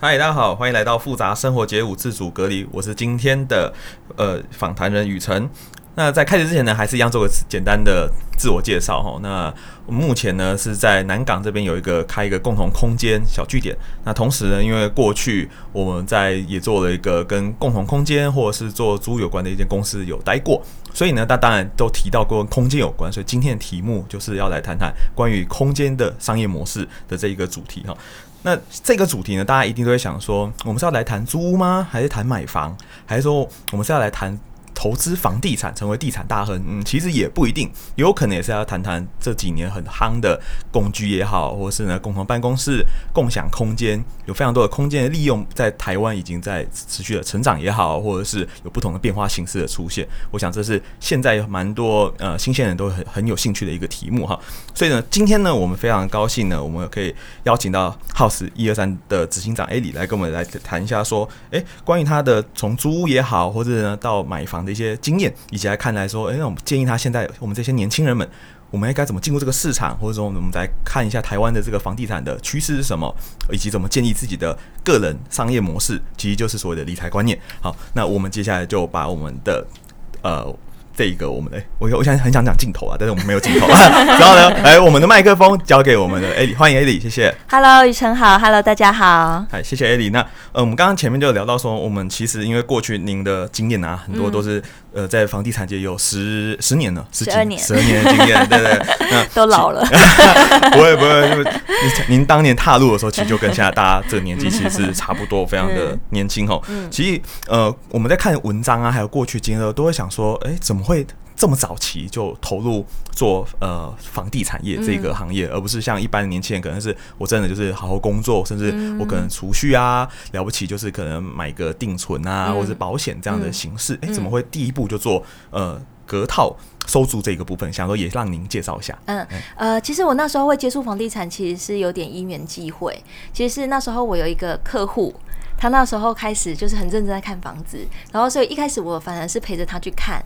嗨，大家好，歡迎來到複雜生活節五自主隔離。我是今天的呃訪談人祤呈。那在開始之前呢，還是一樣做個簡單的自我介紹哈。那我們目前呢是在南港這邊有一個開一個共同空間小聚點。那同時呢，因為過去我們在也做了一個跟共同空間或者是做租有關的一間公司有待過，所以呢，大當然都提到過跟空間有關。所以今天的題目就是要來談談關於空間的商業模式的這一個主題哈。那這個主題呢，大家一定都會想說，我們是要來談租屋嗎？還是談買房？還是說，我們是要來談投資房地產成為地產大亨，嗯，其實也不一定，有可能也是要談談這幾年很夯的共居也好，或是呢共同辦公室、共享空間，有非常多的空間利用，在台灣已經在持續的成長也好，或者是有不同的變化形式的出現。我想這是現在蠻多呃新鮮人都很很有興趣的一個題目哈。所以呢，今天呢，我們非常高興呢，我們可以邀請到 House 一二三的執行長愛莉來跟我們來談一下說，說，欸，關於他的從租屋也好，或者呢到買房的。一些經驗以及來看來說，哎、欸，那我們建議他現在我們這些年輕人們，我們應該怎麼進入這個市場？或者說，我們來看一下台灣的這個房地產的趨勢是什麼，以及怎麼建立自己的個人商業模式，其實就是所謂的理財觀念。好，那我們接下來就把我們的呃。這一個我們嘞、哎，我我想很想講鏡頭啊，但是我們沒有鏡頭、啊。 然後呢，哎，我們的麥克風交給我們的愛莉，歡迎愛莉，謝謝。Hello，祤呈好，Hello，大家好。哎，謝謝愛莉。那呃，我們剛剛前面就聊到說，我們其實因為過去您的經驗啊，很多都是、嗯、呃在房地產界有十十年了，十幾年，十二年，十二年的經驗，對對， 那都老了。 不會不會，因為您當年踏入的時候，其實就跟現在大家這個年紀其實是差不多、嗯，非常的年輕哦。嗯、其實呃，我們在看文章啊，還有過去經歷，都會想說，哎，怎麼？怎麼會這麼早期就投入做呃房地產業這個行業，嗯、而不是像一般年輕人，可能是我真的就是好好工作，甚至我可能儲蓄啊、嗯，了不起就是可能買個定存啊，嗯、或者是保險這樣的形式。哎、嗯欸，怎麼會第一步就做呃隔套收租這個部分？想說也讓您介紹一下。嗯，嗯呃，其實我那時候會接觸房地產，其實是有點因緣際會。其實是那時候我有一個客戶，他那時候開始就是很認真在看房子，然後所以一開始我反而是陪着他去看。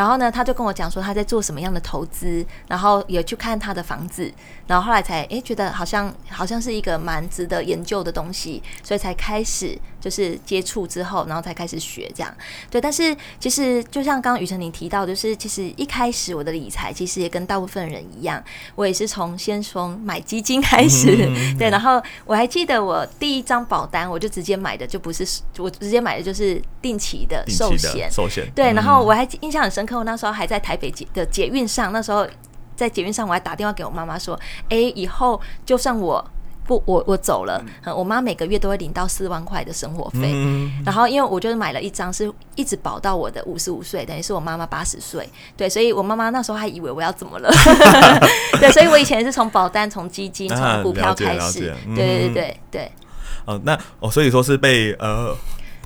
然後呢，他就跟我講說他在做什麼樣的投資，然後也去看他的房子，然後後來才欸覺得好像好像是一個蠻值得研究的東西，所以才開始。就是接觸之後，然後才開始學這樣，對。但是其實就像剛剛祤呈你提到，就是其實一開始我的理財其實也跟大部分人一樣，我也是從先從買基金開始、嗯，對。然後我還記得我第一張保單，我就直接買的就不是，我直接買的就是定期的壽險，壽險。對，然後我還印象很深刻，我那時候還在台北的捷運上、嗯，那時候在捷運上我還打電話給我媽媽說，哎、欸，以後就算我。不，我我走了，嗯嗯、我媽每個月都會領到四萬塊的生活費、嗯。然後，因為我就是買了一張，是一直保到我的五十五歲，等於是我媽媽八十歲。對，所以我媽媽那時候還以為我要怎麼了。 對，所以我以前是從保單、從基金、從股票開始。啊嗯、對對對對哦，那哦，所以說是被呃。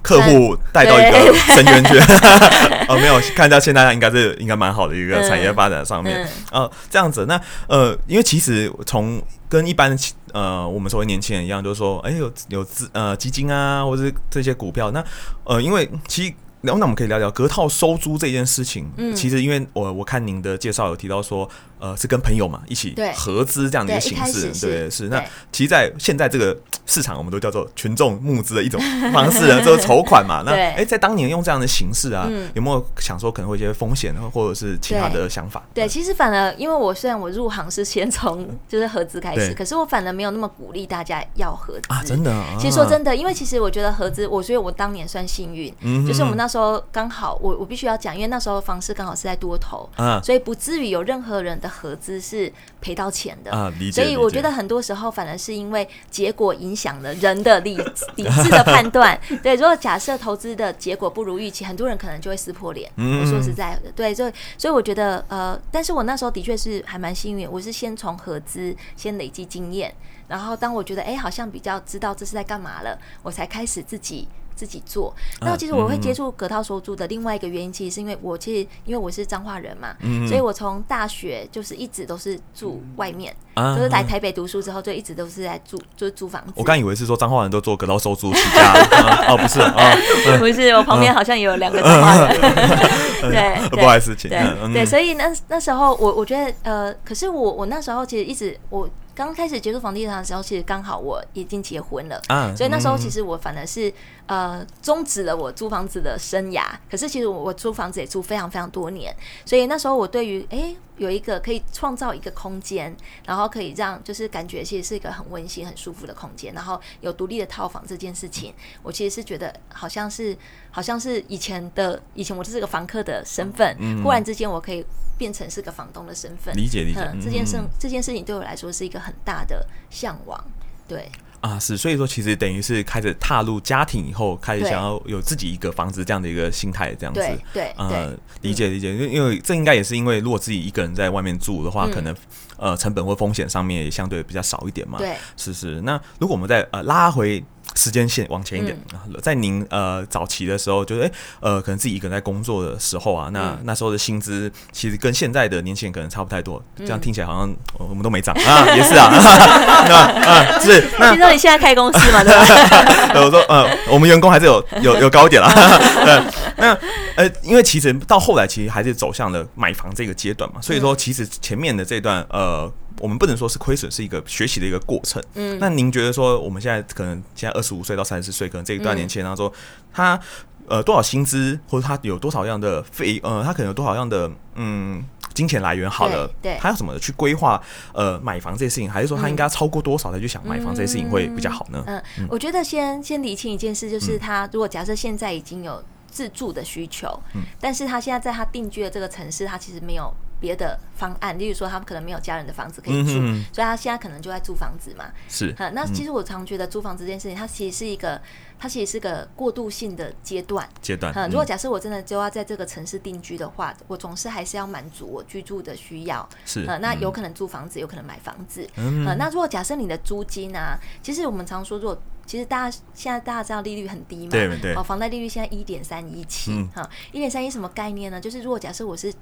客戶帶到一個深淵去，哈哈哈哦，沒有，看到現在應該是應該蠻好的一個產業發展上面、嗯嗯，呃，這樣子，那呃，因為其實從跟一般的呃我們所謂年輕人一樣、嗯，就是說，哎、欸、有有資呃基金啊，或者這些股票，那呃，因為其實聊那我們可以聊聊隔套收租這件事情。嗯，其實因為我我看您的介紹有提到說。呃，是跟朋友嘛一起合資這樣的一個形式，對，對是，對是，對對是，那其實，在現在這個市場，我們都叫做群眾募資的一種方式呢，就是籌款嘛。那哎、欸，在當年用這樣的形式啊，嗯、有沒有想說可能會一些風險，或者是其他的想法對，嗯？對，其實反而因為我雖然我入行是先從就是合資開始，可是我反而沒有那麼鼓勵大家要合資啊。真的、啊，其實說真的，因為其實我覺得合資，我所以我當年算幸運、嗯嗯，就是我們那時候剛好我我必須要講，因為那時候房市剛好是在多頭嗯、啊。所以不至於有任何人。的合資是賠到錢的、啊、理解、所以我覺得很多時候反而是因為結果影響了人的理 理智的判斷。對，如果假設投資的結果不如預期，很多人可能就會撕破臉、嗯。我說實在的，對，所以所以我覺得呃，但是我那時候的確是還蠻幸運，我是先從合資先累積經驗，然後當我覺得哎、欸，好像比較知道這是在幹嘛了，我才開始自己自己做，那其實我會接觸隔套收租的另外一個原因，啊嗯、其實是因為我其實因為我是彰化人嘛，嗯、所以我從大學就是一直都是住外面，嗯啊、就是來台北讀書之後就一直都是在住就是租房子。我剛以為是說彰化人都做隔套收租起家？哦不是啊，不是、啊啊、不是我旁邊好像也有兩個彰化人，啊、 對，不好意思，請對、嗯、對，所以那那時候我我覺得呃，可是我我那時候其實一直我。剛開始接觸房地產的時候，其實剛好我已經結婚了，啊，所以那時候其實我反而是，嗯、呃終止了我租房子的生涯。可是其實我租房子也租非常非常多年，所以那時候我對於哎。欸有一個可以創造一個空間，然後可以讓就是感覺其實是一個很溫馨、很舒服的空間，然後有獨立的套房這件事情，我其實是覺得好像是好像是以前的以前我是一個房客的身份，嗯嗯忽然之間我可以變成是個房東的身份，理解你、嗯、理解、嗯理解嗯、這件事、嗯、這件事情對我來說是一個很大的嚮往，對。啊，是，所以說其實等於是開始踏入家庭以後，開始想要有自己一個房子這樣的一個心態，這樣子對對，對，呃，理解理解，因因為這應該也是，因為如果自己一個人在外面住的話，嗯、可能呃成本或風險上面也相對比較少一點嘛，對，是是，那如果我們再呃拉回。時間線往前一點，嗯、在您呃早期的時候，就是哎呃，可能自己一個人在工作的時候啊，那、嗯、那時候的薪資其實跟現在的年輕人可能差不太多，嗯、這樣聽起來好像、呃、我們都沒漲、嗯、啊，也是啊， 啊啊是。那聽說你現在開公司嘛？對、啊、吧、啊？我說呃、啊，我們員工還是有有有高點了。那、 啊啊、呃，因為其實到後來其實還是走向了買房這個階段嘛、嗯，所以說其實前面的這段呃。我們不能說是虧損，是一個學習的一個過程。嗯，那您覺得說我們現在可能現在二十五歲到三十歲，可能這一段年輕人、啊嗯、說他呃多少薪資，或者他有多少樣的費，呃，他可能有多少樣的嗯金錢來源？好的對，對，他要怎麼去規劃呃買房這些事情，還是說他應該超過多少再去想買房這些事情會比較好呢？嗯，嗯嗯我覺得先先理清一件事，就是他如果假設現在已經有自住的需求，嗯，但是他現在在他定居的這個城市，他其實沒有。別的方案，例如說，他們可能沒有家人的房子可以住，嗯嗯所以他現在可能就在租房子嘛。是、嗯、那其實我常覺得租房子這件事情，它其實是一個，它其實是個過渡性的階段。階段哈、嗯，如果假設我真的就要在這個城市定居的話，我總是還是要滿足我居住的需要。是、呃、那有可能租房子，嗯、有可能買房子。嗯、呃，那如果假設你的租金啊，其實我們常說，如果其實大家現在大家知道利率很低嘛，對對，對、哦，房貸利率現在一點三一七，哈，一點三一什麼概念呢？就是如果假設我是。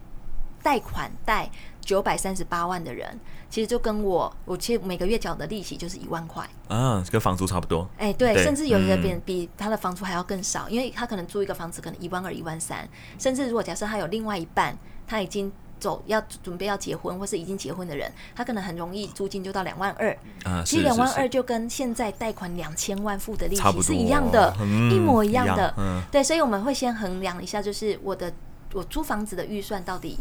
貸款貸九百三十八萬的人，其實就跟我，我其實每個月繳的利息就是一萬塊啊，跟房租差不多。哎、欸，對，甚至有一個比比他的房租還要更少，嗯、因為他可能租一個房子可能一萬二、一萬三，甚至如果假設他有另外一半，他已經走要準備要結婚或是已經結婚的人，他可能很容易租金就到兩萬二、啊、其實兩萬二就跟現在貸款兩千萬付的利息是一樣的，嗯、一模一樣的一樣。嗯，對，所以我們會先衡量一下，就是我的我租房子的預算到底。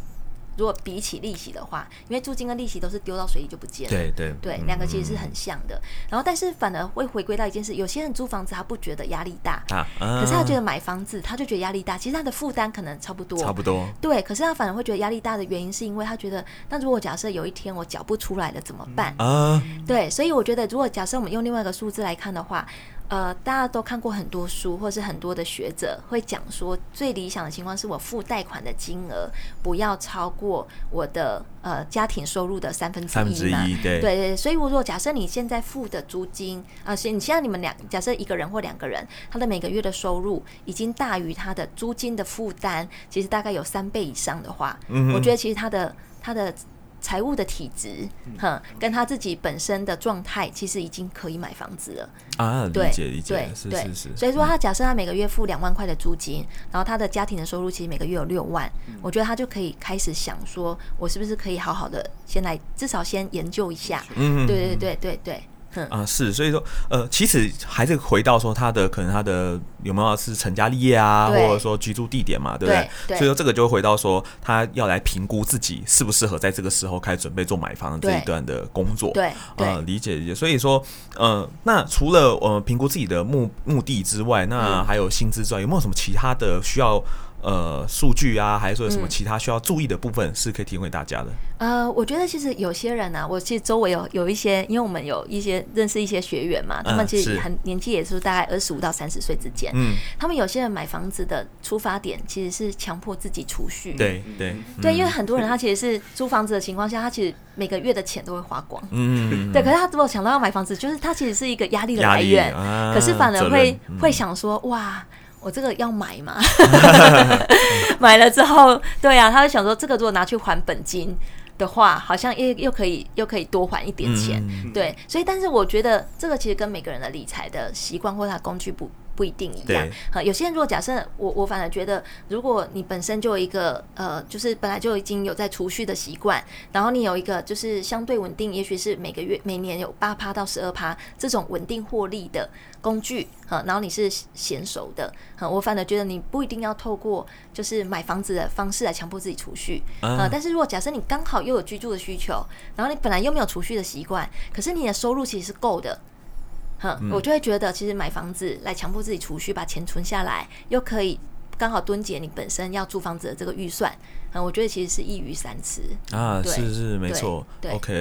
如果比起利息的話，因為租金跟利息都是丟到水裡就不見了，對對對，兩、嗯、個其實是很像的。嗯、然後，但是反而會回歸到一件事：有些人租房子他不覺得壓力大啊，可是他覺得買房子、啊、他就覺得壓力大。其實他的負擔可能差不多，差不多對。可是他反而會覺得壓力大的原因，是因為他覺得，那如果假設有一天我繳不出來了怎麼辦、啊、對，所以我覺得，如果假設我們用另外一個數字來看的話。呃，大家都看過很多書，或是很多的學者會講說，最理想的情況是我付貸款的金額不要超過我的呃家庭收入的三分之一嘛？三分之一，對，對對，對。所以，如果假設你現在付的租金啊，是、呃、你現在你們兩，假設一個人或兩個人，他的每個月的收入已經大於他的租金的負擔，其實大概有三倍以上的話，嗯、我覺得其實他的他的。財務的體質，哼，跟他自己本身的狀態，其實已經可以買房子了啊。理解理解，對，對，是是是。對，所以說，他假設他每個月付兩萬塊的租金，然後他的家庭的收入其實每個月有六萬。嗯，我覺得他就可以開始想說，我是不是可以好好的先來，至少先研究一下。嗯，對對對對對。嗯對對對嗯、啊，是，所以說，呃，其實還是回到說他的可能他的有沒有是成家立業啊，或者說居住地點嘛，對不對？對對，所以說這個就會回到說他要來評估自己適不適合在這個時候開始準備做買房的這一段的工作，對，對對，呃，理解理解。所以說，呃，那除了呃評估自己的目目的之外，那還有薪資之外、嗯，有沒有什麼其他的需要？呃，數據啊，還是說有什麼其他需要注意的部分，是可以提供給大家的？嗯。呃，我覺得其實有些人呢、啊，我其實周圍有有一些，因為我們有一些認識一些學員嘛，啊、他們其實也很年紀也是大概二十五到三十歲之間。嗯，他們有些人買房子的出發點其實是強迫自己儲蓄。對對對，因為很多人他其實是租房子的情況下、嗯，他其實每個月的錢都會花光。嗯嗯，嗯。對，可是他如果想到要買房子，就是他其實是一個壓力的來源、啊，可是反而會、嗯、會想說，哇。我這個要買嗎？ 買了之後，對啊，他就想說，這個如果拿去還本金的話，好像又又可以又可以多還一點錢，嗯，對，所以但是我覺得這個其實跟每個人的理財的習慣或他工具不不一定一樣、嗯、有些人如果假設我，我反而覺得，如果你本身就有一個呃，就是本來就已經有在儲蓄的習慣，然後你有一個就是相對穩定，也許是每個月、每年有八趴到十二趴這種穩定獲利的工具、嗯、然後你是嫻熟的、嗯、我反而覺得你不一定要透過就是買房子的方式來強迫自己儲蓄、嗯嗯、但是如果假設你剛好又有居住的需求，然後你本來又沒有儲蓄的習慣，可是你的收入其實是夠的。我就會覺得，其實買房子來強迫自己儲蓄，把錢存下來，又可以剛好蹲解你本身要租房子的這個預算。嗯，我覺得其實是一魚三吃啊，是是沒錯。OK，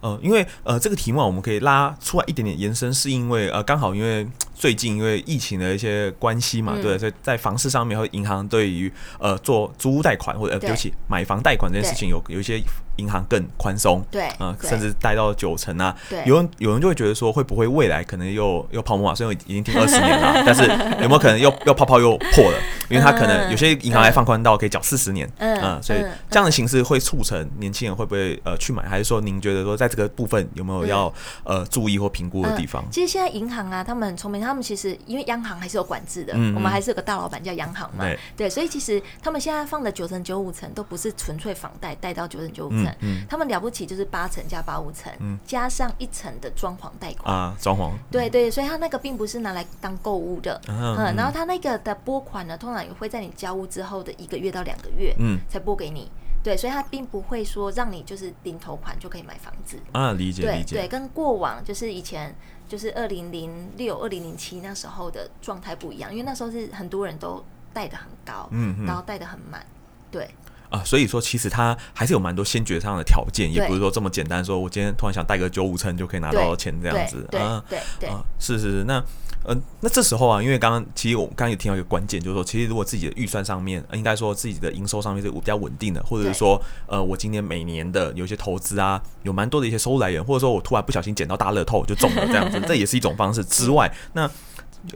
嗯、呃，因為呃，這個題目啊，我們可以拉出來一點點延伸，是因為呃，剛好因為最近因為疫情的一些關係嘛、嗯，對，在在房市上面和銀行對於呃做租屋貸款或者對不起買房貸款這件事情有有一些銀行更寬鬆，對，嗯、呃，甚至貸到九成啊。對，有人有人就會覺得說會不會未來可能又又泡沫啊，雖然已經聽二十年了， 但是有沒有可能又又泡泡又破了？因為他可能有些銀行還放寬到可以繳四十年，嗯。嗯嗯嗯、所以這樣的形式會促成年輕人會不會呃去買？還是說您覺得說在這個部分有沒有要、嗯、呃注意或評估的地方？其實現在銀行啊，他們很聰明，他們其實因為央行還是有管制的，嗯嗯，我們還是有個大老闆叫央行嘛對，對，所以其實他們現在放的九成九五成都不是純粹房貸，貸到九成九五成，嗯嗯，他們了不起就是八成加八五成，嗯，加上一成的裝潢貸款啊，裝潢，嗯、對，對對，所以他那個並不是拿來當購物的，嗯，嗯，然後他那個的撥款呢，通常也會在你交屋之後的一個月到兩個月，嗯，才撥給你，對，所以他並不會說讓你就是零頭款就可以買房子啊，理解理解，對，跟過往就是以前就是二零零六、二零零七那時候的狀態不一樣，因為那時候是很多人都貸得很高，嗯，然後貸得很滿，嗯、對。啊，所以說其實它還是有蠻多先決上的條件，也不是說這麼簡單，說我今天突然想帶個九五成就可以拿到錢這樣子，嗯、啊，對對、對、啊，是是是。那嗯、呃，那這時候啊，因為剛剛其實我剛剛也聽到一個關鍵，就是說其實如果自己的預算上面，應該說自己的營收上面是比較穩定的，或者是說呃，我今年每年的有一些投資啊，有蠻多的一些收入來源，或者說我突然不小心撿到大樂透就中了這樣子， 這也是一種方式之外，那。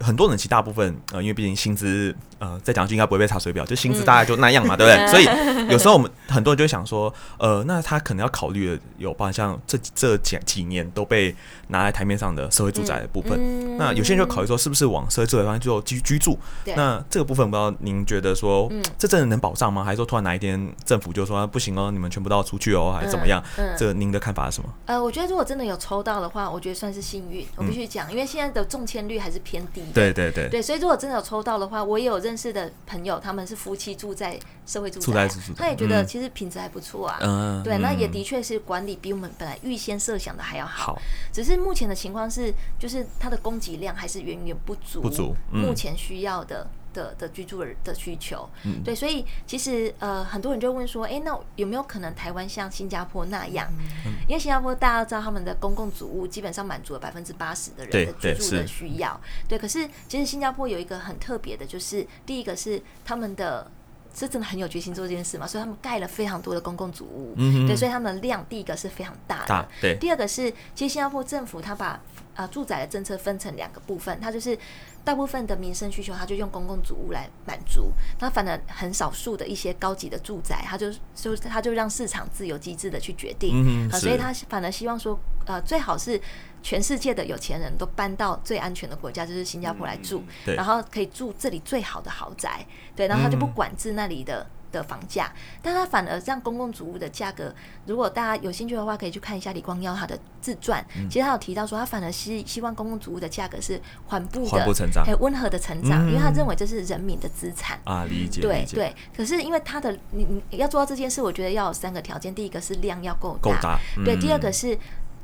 很多人其實大部分呃，因為畢竟薪資呃，再講一句應該不會被查水表，就薪資大概就那樣嘛，嗯、對不對？ 所以有時候我們很多人就會想說，呃，那他可能要考慮的有包含像這這幾幾年都被拿來台面上的社會住宅的部分，嗯嗯、那有些人就考慮說，是不是往社會住宅方向就居居住、嗯嗯？那這個部分不知道您覺得說這真的能保障嗎？還是說突然哪一天政府就說、啊、不行哦，你們全部都要出去哦，還是怎麼樣、嗯嗯？這您的看法是什麼？呃，我覺得如果真的有抽到的話，我覺得算是幸運，我必須講、嗯，因為現在的中簽率還是偏嗯、對對對對，所以如果真的有抽到的話，我也有認識的朋友，他們是夫妻住在社會住宅、啊，住在住，他也覺得其實品質還不錯啊。嗯、對、嗯，那也的確是管理比我們本來預先設想的還要好。好，只是目前的情況是，就是它的供給量還是遠遠不足，不足、嗯、目前需要的。的的居住的需求，嗯、對，所以其實呃，很多人就問說，哎、欸，那有沒有可能台灣像新加坡那樣、嗯嗯。因為新加坡大家都知道，他們的公共組屋基本上滿足了百分之八十的人的居住的需要對，對，是。對，可是其實新加坡有一個很特別的，就是第一個是他們的，是真的很有決心做這件事嘛，所以他們蓋了非常多的公共組屋、嗯嗯。對，所以他們的量，第一個是非常大的大。對，第二個是，其實新加坡政府他把啊、呃、住宅的政策分成兩個部分，它就是。大部分的民生需求，他就用公共租屋來滿足。那反而很少數的一些高級的住宅，他就就他就讓市場自由機制的去決定、嗯呃。所以他反而希望說，呃，最好是全世界的有錢人都搬到最安全的國家，就是新加坡來住，嗯、然後可以住這裡最好的豪宅。對，對然後他就不管制那裡的。嗯的房價，但他反而讓公共租屋的價格。如果大家有興趣的話，可以去看一下李光耀他的自傳、嗯。其實他有提到說，他反而希希望公共租屋的價格是緩步、的，緩步成長很溫、欸、和的成長、嗯，因為他認為這是人民的資產啊。理解，對、理解、對。可是因為他的，你你要做到這件事，我覺得要有三個條件。第一個是量要夠大、夠大、嗯，對。第二個是、嗯，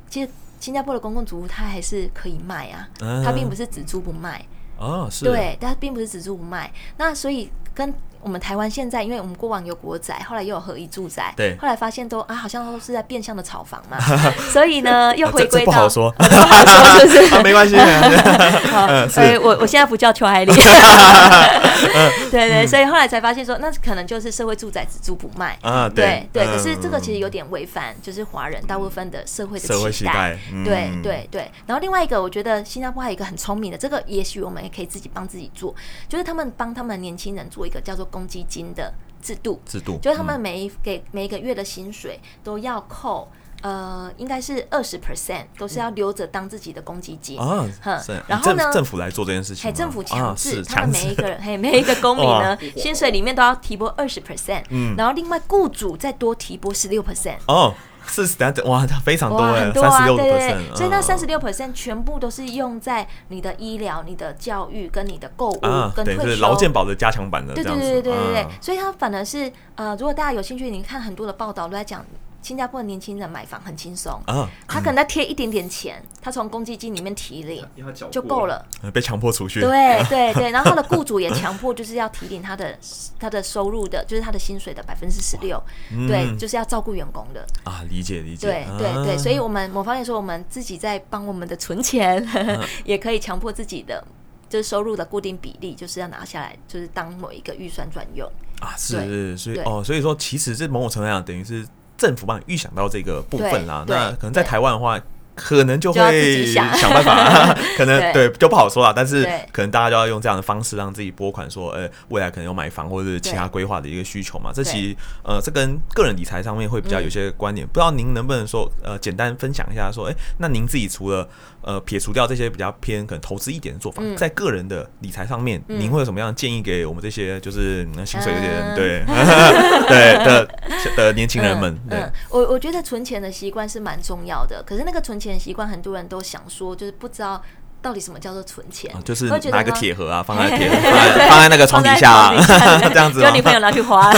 其實新加坡的公共租屋它還是可以賣啊，嗯、它並不是只租不賣哦。是，對。但並不是只租不賣，那所以跟。我們台灣現在，因為我們過往有國宅，後來又有合宜住宅，對，後來發現都啊，好像都是在變相的炒房嘛， 所以呢，又回歸到、啊、這不好說、好所以、 啊、沒關係 嗯欸，我我現在不叫邱愛莉。 嗯、 對，對對，所以後來才發現說，那可能就是社會住宅只租不賣啊。對對、嗯、對，可是這個其實有點違反，就是華人大部分的社會的期待。時代嗯、對對對。然後另外一個，我覺得新加坡還有一個很聰明的，這個也許我們也可以自己幫自己做，就是他們幫他們年輕人做一個叫做。公積金的制度，制度就是他們每一給每一個月的薪水都要扣，嗯、呃，應該是二十 percent，都是要留着當自己的公積金啊。哼、嗯嗯嗯，然後呢，政府來做這件事情，政府強制、啊、強制，他們每一個人，嘿，每一個公民呢，哦、薪水裡面都要提撥二十 percent，嗯，然後另外雇主再多提撥十六 percent，哦。是，十，下哇，它非常多哎，三十六 percent，所以那三十六 percent 全部都是用在你的醫療、你的教育跟你的購物、啊、跟退休，等於勞健保的加強版的。對對對對對對對。啊、所以它反而是呃，如果大家有興趣，你看很多的報道都在講。新加坡的年輕人買房很輕鬆啊，他可能再貼一點點錢，嗯、他從公積金裡面提領就夠了，被強迫儲蓄。對對對，然後他的僱主也強迫就是要提領他的 他的收入的，就是他的薪水的百分之十六，對，就是要照顧員工的啊，理解理解。對對對，所以我們某方面說，我們自己在幫我們的存錢，啊、 也可以強迫自己的就是收入的固定比例，就是要拿下來，就是當某一個預算專用啊，是是，所以哦，所以說，其實這某種程度上等於是。政府幫你預想到這個部分啦，那可能在台灣的話，可能就會想辦法、啊， 可能對,對就不好說了。但是可能大家就要用這樣的方式讓自己撥款，說，誒、欸、未來可能有買房或者其他規劃的一個需求嘛。這其實呃，這跟個人理財上面會比較有些關聯、嗯。不知道您能不能說，呃，簡單分享一下，說，誒、欸、那您自己除了。呃，撇除掉這些比較偏可能投資一點的做法，嗯、在個人的理財上面、嗯，您會有什麼樣的建議給我們這些就是、嗯、薪水有點、嗯、對、嗯、 對的的年輕人們？嗯嗯、對我我覺得存錢的習慣是蠻重要的，可是那個存錢的習慣，很多人都想說，就是不知道到底什麼叫做存錢，啊、就是拿一個鐵盒啊，放在鐵盒， 放，在 放在那個床底下、啊、底下 這樣子、啊，讓女朋友拿去花。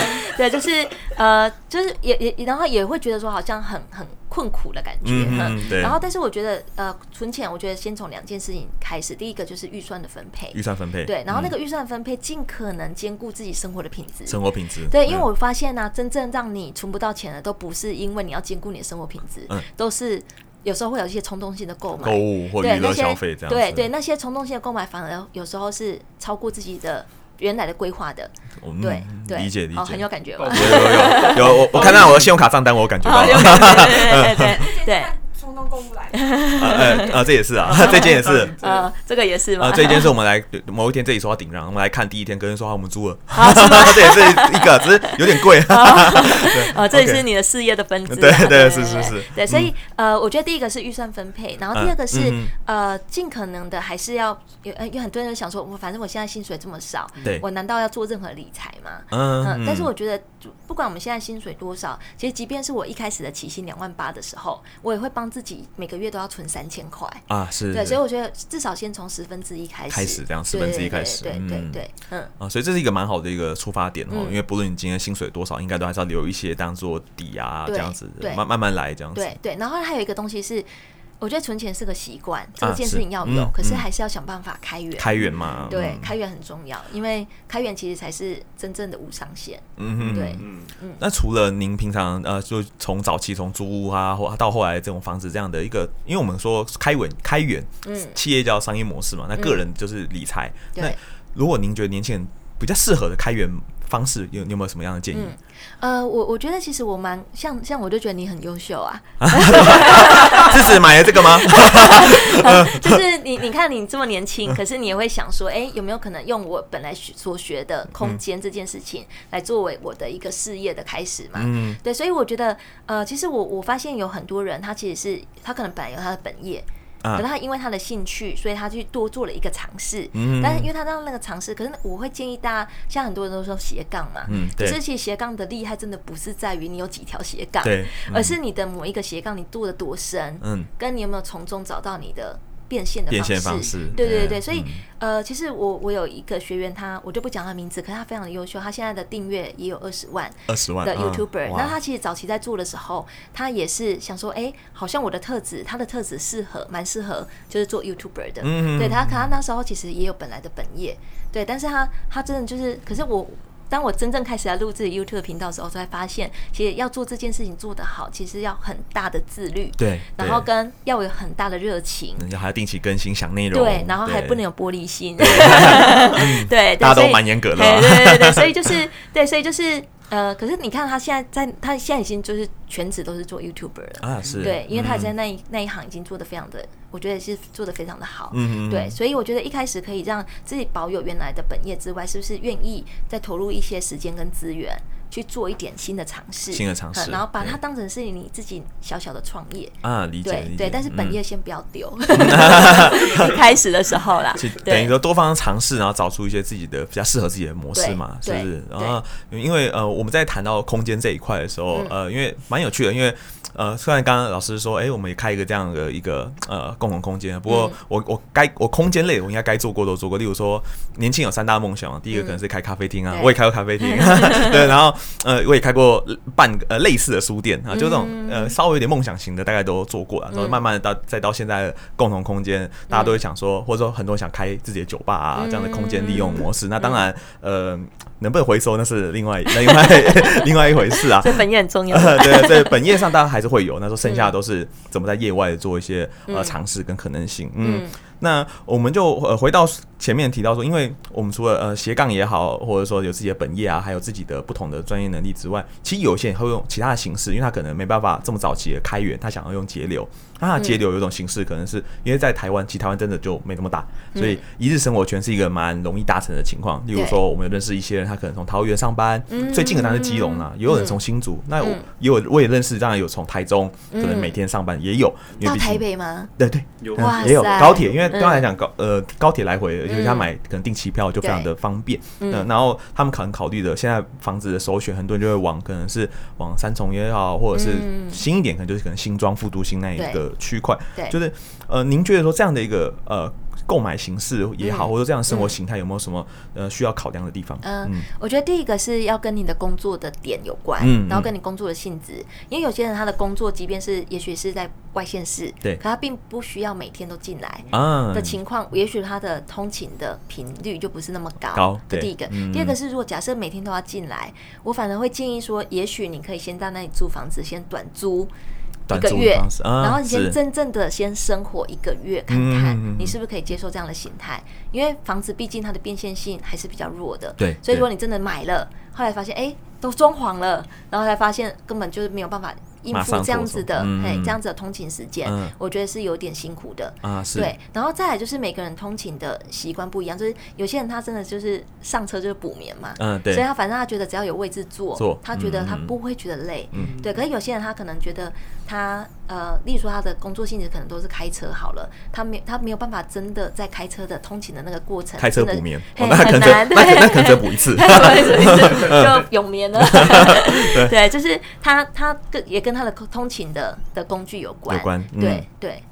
對，就是呃，就是也也，然後也會覺得說好像很很困苦的感覺，嗯，對。然後，但是我覺得呃，存錢，我覺得先從兩件事情開始。第一個就是預算的分配，預算分配，對。嗯、然後那個預算分配，盡可能兼顧自己生活的品質，生活品質，對。嗯、因為我發現呢、啊，真正讓你存不到錢的，都不是因為你要兼顧你的生活品質、嗯，都是有時候會有一些衝動性的購買，購物或者那些消費這樣，對對，那些衝動性的購買，反而有時候是超過自己的。原來的規劃的、嗯對，對，理解理解、哦，很有感覺吧，有有有，我 我看到我的信用卡賬單，我有感覺到、哦。 對，對，對，對，對，對，對。 對公共不來，啊、呃呃呃、這也是啊、嗯，這件也是，啊、嗯呃，這個也是嗎？啊、呃，這件是我們來某一天這裡說話頂讓，然後我們來看第一天，跟人說話我們租了，哦、 這也是一個， 只是有點貴，啊、哦 哦，這也是你的事業的分支、啊，對對、對、對是是是，對，所以、嗯、呃，我覺得第一個是預算分配，然後第二個是、嗯、呃，盡可能的還是要有，呃，有很多人想說，我反正我現在薪水這麼少，對我難道要做任何理財嗎？嗯，呃、但是我覺得、嗯不管我們現在薪水多少，其實即便是我一開始的起薪兩萬八的時候，我也會幫自己每個月都要存三千塊啊，是對，所以我覺得至少先從十分之一開始，開始這樣，十分之一開始，對對對，對，嗯，對對對嗯啊，所以這是一個蠻好的一個出發點哦、嗯，因為不論你今天薪水多少，應該都還是要留一些當做底啊，這樣子，慢慢慢來這樣子，對，對，然後還有一個東西是，我覺得存錢是個習慣，這個、件事情要有、啊嗯，可是還是要想辦法開源、嗯嗯。開源嘛、嗯，對，開源很重要，因為開源其實才是真正的無上限。嗯哼，對，嗯嗯。那除了您平常呃，就從早期從租屋啊，到後來這種房子這樣的一個，因為我們說開源，開源，嗯，企業叫商業模式嘛，嗯、那個人就是理財、嗯。那如果您覺得年輕人比較適合的開源。方式有有沒有什麼樣的建議？嗯、呃，我我覺得其實我蠻像像我就覺得你很優秀啊。是 持 買了這個嗎？ 嗯、就是你你看你這麼年輕、嗯，可是你也會想說，哎、欸，有沒有可能用我本來所學的空間這件事情來作為我的一個事業的開始嘛？嗯，對，所以我覺得呃，其實我我發現有很多人他其實是他可能本來有他的本業。可、啊、能他因為他的興趣，所以他去多做了一個嘗試、嗯。但是因為他讓那個嘗試，可是我會建議大家，像很多人都說斜槓嘛，這、嗯、些可是其實斜槓的厲害，真的不是在於你有幾條斜槓、嗯，而是你的某一個斜槓你做得多深、嗯，跟你有沒有從中找到你的。變現的方式，變現方式，對對對，嗯、所以呃，其實我我有一個學員，他我就不講他名字，可是他非常的優秀，他現在的訂閱也有二十萬，二十萬的 Youtuber 萬、嗯。那他其實早期在做的時候，他也是想說，哎、欸，好像我的特質，他的特質適合，蠻適合，就是做 Youtuber 的。嗯對他，可他那時候其實也有本來的本業，對，但是他他真的就是，可是我。當我真正開始來錄自己 YouTube 頻道的時候，就會發現，其實要做這件事情做得好，其實要很大的自律。對，對然後跟要有很大的熱情。人還要定期更新，想內容。對，然後還不能有玻璃心。對，對對 嗯、對對大家都蠻嚴格的。對對對，所以就是對，所以就是。 呃，可是你看他現在在，他現在已經就是全職都是做 YouTuber 了啊，是，對，因為他在那一、嗯、那一行已經做得非常的，我覺得是做得非常的好，嗯，對，所以我覺得一開始可以讓自己保有原來的本業之外，是不是願意再投入一些時間跟資源？去做一點新的嘗試，新的嘗試，然後把它當成是你自己小小的創業啊，理解，對，理解，對，但是本業先不要丟。嗯、 一開始的時候啦，等於說多方嘗試，然後找出一些自己的比較適合自己的模式嘛，是不是？然後因為呃，我們在談到空間這一塊的時候、嗯，呃，因為蠻有趣的，因為呃，雖然剛剛老師說，哎、欸，我們也開一個這樣的一個呃共同空間，不過我、嗯、我該我空間類我應該該做過的都做過，例如說年輕有三大夢想嘛，第一個可能是開咖啡廳啊、嗯，我也開過咖啡廳，對， 對，然後。呃，我也開過半個呃類似的書店啊，就這種呃稍微有點夢想型的，大概都做過了，嗯、然後慢慢的到再到現在的共同空間、嗯，大家都會想說，或者說很多人想開自己的酒吧啊、嗯、這樣的空間利用模式，嗯、那當然、嗯、呃能不能回收那是另外那另外 另外一回事啊。這本業很重要、呃。對對，本業上大家還是會有，那說剩下的都是怎麼在業外做一些、嗯、呃嘗試跟可能性。嗯，嗯那我們就呃回到。前面提到說，因為我們除了呃斜槓也好，或者說有自己的本業啊，還有自己的不同的專業能力之外，其實有些人會用其他的形式，因為他可能沒辦法這麼早期的開源，他想要用節流那他節流有一種形式，可能是、嗯、因為在台灣，其實台灣真的就沒那麼大，所以一日生活圈是一個蠻容易達成的情況、嗯。例如說，我們認識一些人，他可能從桃園上班、嗯，最近可能是基隆了、啊，也、嗯、有,有人從新竹，嗯、那也有我也認識當然有從台中，可能每天上班、嗯、也有到台北嗎？對對，有、呃、也有高鐵，因為剛才來講高、嗯、呃高鐵來回。因為他買可能定期票就非常的方便嗯、呃，嗯，然後他們可能考慮的現在房子的首選，很多人就會往可能是往三重也好，嗯、或者是新一點，可能就是可能新莊副都心那一個區塊，對，就是呃，您覺得說這樣的一個呃。購買形式也好、嗯，或者這樣的生活形態有沒有什麼、嗯、呃，需要考量的地方、呃？嗯，我覺得第一個是要跟你的工作的點有關，嗯，然後跟你工作的性質、嗯，因為有些人他的工作即便是也許是在外縣市，對，可他並不需要每天都進來啊的情況、嗯，也許他的通勤的頻率就不是那麼高。高、第一個對，第二個是如果假設每天都要進來、嗯，我反而會建議說，也許你可以先在那裡租房子，先短租，一個月，然後你先真正的先生活一個月，看看你是不是可以接受這樣的形態。因為房子畢竟它的變現性還是比較弱的，對。所以如果你真的買了，後來發現哎、欸，都裝潢了，然後才發現根本就是沒有辦法。應付這樣子的，哎、嗯，這樣子的通勤時間、嗯，我覺得是有點辛苦的。啊，是。對，然後再來就是每個人通勤的習慣不一樣，就是有些人他真的就是上車就是補眠嘛。嗯，對。所以他反正他覺得只要有位置坐，坐、嗯，他覺得他不會覺得累。嗯，對。可是有些人他可能覺得他呃，例如說他的工作性質可能都是開車好了，他沒他沒有辦法真的在開車的通勤的那個過程。開車真的，補眠、喔，很難，能、喔、那可能再補一次，再補一次就永眠了。 對，就是他他跟也跟。跟他的通勤的的工具有關，有關，對、嗯、對。對。